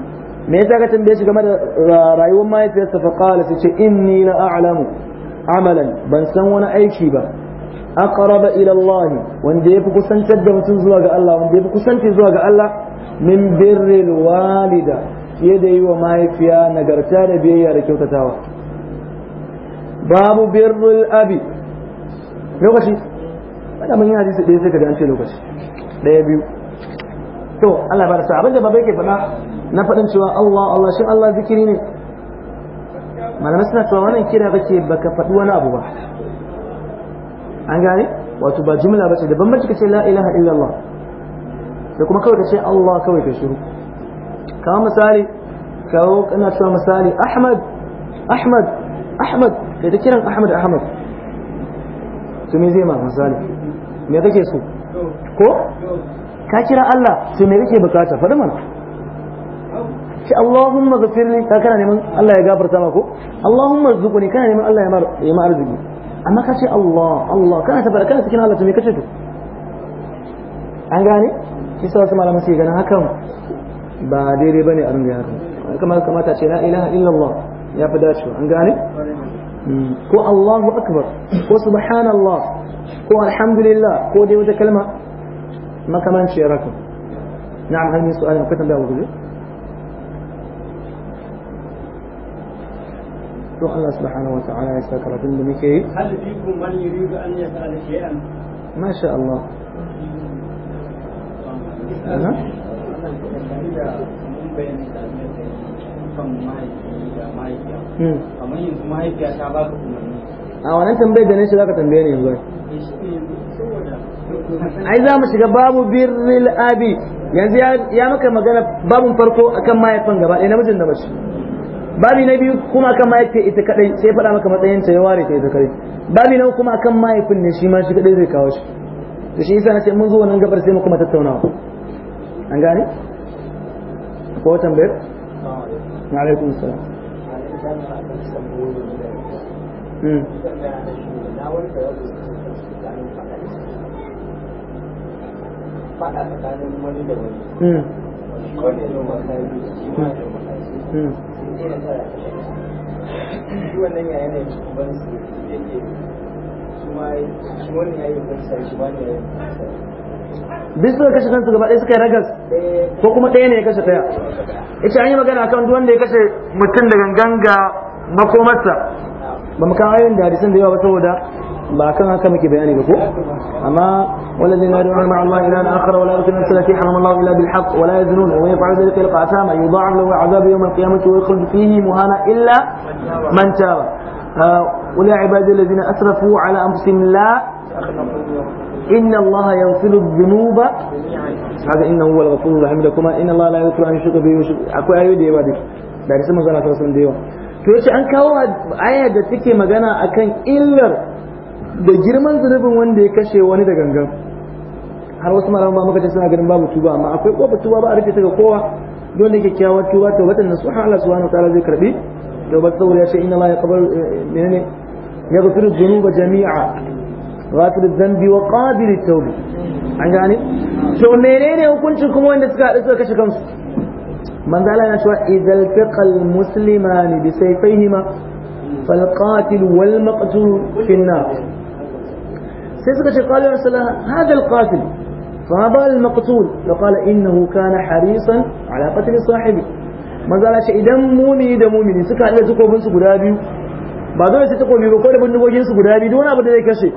me yasa ka tambaye shi game da rayuwar mahaifiyarsa fa qala sai ce inni la a'lamu amalan ban san wani aiki ba aqraba ila Allah wanda yafi kusantar da mutum zuwa ga Allah wanda yafi kusanci zuwa ga Allah min birril walida fiye da yi wa mahaifiya nagarta da biyayya da kyautatawa babu birrul abi lokaci wanda mun yi hadisi ɗaya sai ka an ce lokaci ɗaya biyu to Allah ba da sa abinda babai ke faɗa na faɗin cewa Allah Allah shin Allah zikiri ne malamai suna cewa wannan kira kake baka faɗi wani abu ba an gane wato ba jimla ba ce da bambanci ka ce la ilaha illallah sai kuma kawai ka ce Allah kawai ka shiru kawo misali kawo kana cewa misali Ahmad Ahmad Ahmad kai ta kiran Ahmad Ahmad to me zai ma misali me kake so ko ka kira Allah to me kake bukata faɗi mana ce Allahumma ghafirli ka kana neman Allah ya gafarta maka ko Allahumma zuqni kana neman Allah ya ma arziki amma ka ce Allah Allah kana tabbata kana cikin Allah to me kace to an gane shi sa wasu malaman suke ganin hakan ba daidai bane a ringa hakan kamar kamata ce la ilaha illallah ya fi dacewa an gane ko Allahu akbar ko subhanallah ko alhamdulillah ko dai wata kalma makamanci ya raka na'am hal min su'alin akwai tambaya wa gudu roƙon Allah subhanahu wata'ala ya saka rabin da muke hal hmm. tambayar da ne shi zaka tambaye ne yanzu ai za mu shiga babu birril abi yanzu ya maka magana babun farko akan mahaifin gaba ɗaya namijin da mace babi na biyu kuma akan mahaifiyar ita kadai sai faɗa maka ta ya ware ta ita kadai babi na kuma akan mahaifin ne shi ma shi kadai zai kawo shi to shi isa na ce mun zo nan gabar sai mu kuma tattaunawa an gane ko tambayar na alaikum salam faɗa tsakanin wani da wani wani shi duk suka kashe kansu gaba ɗaya suka yi ragas ko kuma ɗaya ne ya kashe ɗaya ita an yi magana akan duk wanda ya kashe mutum da gangan ga makomarsa ba mu kawo yin da hadisan da yawa ba saboda ba kan haka muke bayani ba ko amma wala ne mai ma Allah ila an akhara wala yakun min salati hamma Allah ila bil haqq wala yaznun wa yaf'alu dhalika al qasama yud'af lahu azab yawm al qiyamati wa yukhruj fihi muhana illa man taba ulai ibadi alladhina asrafu ala anfusihim la إن الله يغفر الذنوب هذا إنه هو الغفور الرحيم لكما إن الله لا يغفر أن يشرك به وشرك أكو آية ديوا ديك دارس مغانا ترسل ديوا فيش أنك هو آية دتك مغانا أكن إلر da girman zunubin wanda ya kashe wani da gangan har wasu mara muka ce suna ganin babu tuba amma akwai kofar tuba ba a rufe ta ga kowa don da kyakkyawar tuba nasu nasuha Allah subhanahu wataala zai karbi ba saboda ya ce inna ya yaqbalu eh, eh, menene yaghfiru dhunuba jami'a ghafir dhanbi wa qabil tawbi an gane to menene hukuncin kuma wanda suka haɗu suka kashe kansu manzo Allah ya cewa idal taqal muslimani bi sayfayhima fal qatil wal maqtul sai suka ce qala rasulullah hadha alqatil fa ba almaqtul fa qala innahu kana harisan ala qatl sahibi manzo Allah ce idan mumi da mumini suka haɗa takobin su guda biyu ba dole sai takobi ba ko da bindigogin su guda biyu duk wani abu da zai kashe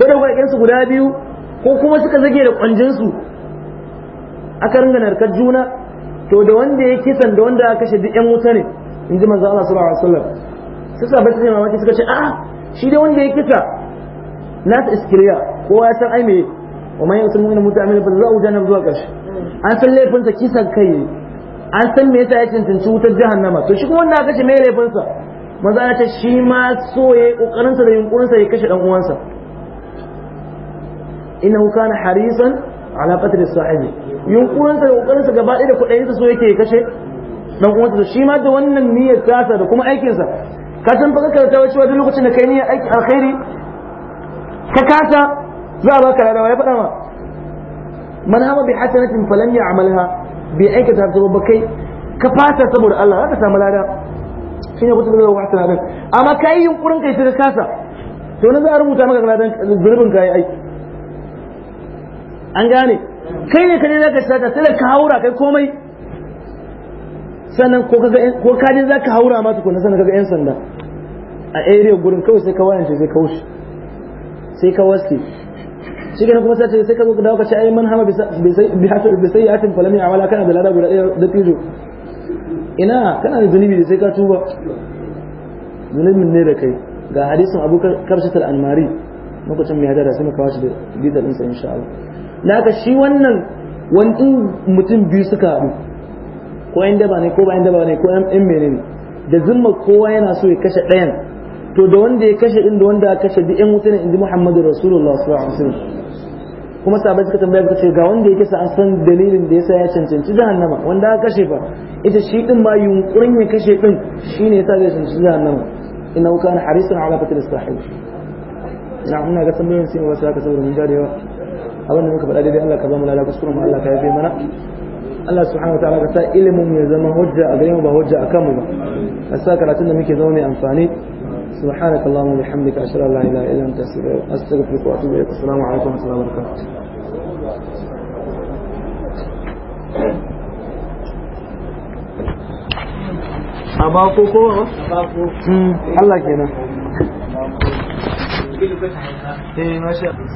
ko da gwaƙen su guda biyu ko kuma suka zage da kwanjin su aka ringa narkar juna to da wanda ya kisan da wanda aka kashe duk yan wuta ne in ji manzo Allah sallallahu alaihi wasallam sai sahabbai suka suka ce a'a ah, shi dai wanda ya kisa nasu iskiriya kowa ya san ai me wa man yusul mu'mina muta'ammidan fa za'u jahannam zuwa karshe an san laifin sa kisan kai an san me yasa ya cancanci wutar jahannama to shi kuma wanda aka ce me laifin sa maza ya ce shi ma so yayi kokarin sa da yunkurin sa ya kashe dan uwansa innahu kana harisan ala qatl sahibi yunkurin sa kokarin sa gaba da kudayen sa so yake kashe dan uwansa shi ma da wannan niyyar tasa da kuma aikin sa ka san fa ka karanta wacce wani lokacin da kai niyyar aikin alkhairi ka kasa za a baka ladawa ya faɗa ma man hama bi hasanatin falan ya amalha bi aikata ta ba kai ka fata saboda Allah zaka samu lada shine kuta da wa hasana din amma kai yunkurin kai ka kasa to na za a rubuta maka ladan zulubin kai ai an gane kai ne kaje zaka tsaka sai ka haura kai komai sannan ko kaga ko kaje zaka haura ma tukuna sannan kaga yan sanda a area gurin kawai sai ka wayance sai ka wuce sai ka waske shi kenan kuma sai sai ka zo ka dawo ka ce ai man hama bi sayyatin falam ya amala kana da lada guda da tijo ina kana da zunubi da sai ka tuba zunubin ne da kai ga hadisin Abu karshe al-Anmari lokacin mai hadara sai muka washi da bidar insa insha Allah naka shi wannan wani mutum biyu suka haɗu ko yan daba ne ko ba yan daba ne ko yan menene da zumma kowa yana so ya kashe ɗayan to da wanda ya kashe din da wanda ya kashe duk yan wuta ne inji Muhammadu Rasulullah sallallahu alaihi wasallam kuma sahabbai suka tambaya suka ce ga wanda ya kisa an san dalilin da yasa ya cancanci jahannama wanda aka kashe fa ita shi din ma yunkurin ya kashe din shine yasa zai cancanci jahannama innahu kana harisan ala qatl sahib na muna ga tambayoyin sai wasu aka saboda mun jarewa abin da muka faɗa daidai Allah ka ba mu lada kuskuren mu Allah ka yafe mana Allah subhanahu wa ta'ala ka sa ilimin ya zama hujja a gare mu ba hujja a kanmu ba ka sa karatun da muke zaune amfani سبحانك اللهم وبحمدك أشهد أن لا إله إلا أنت أستغفرك وأتوب إليك السلام عليكم ورحمة الله وبركاته Abako ko ba? Abako. Allah kenan. Eh, masha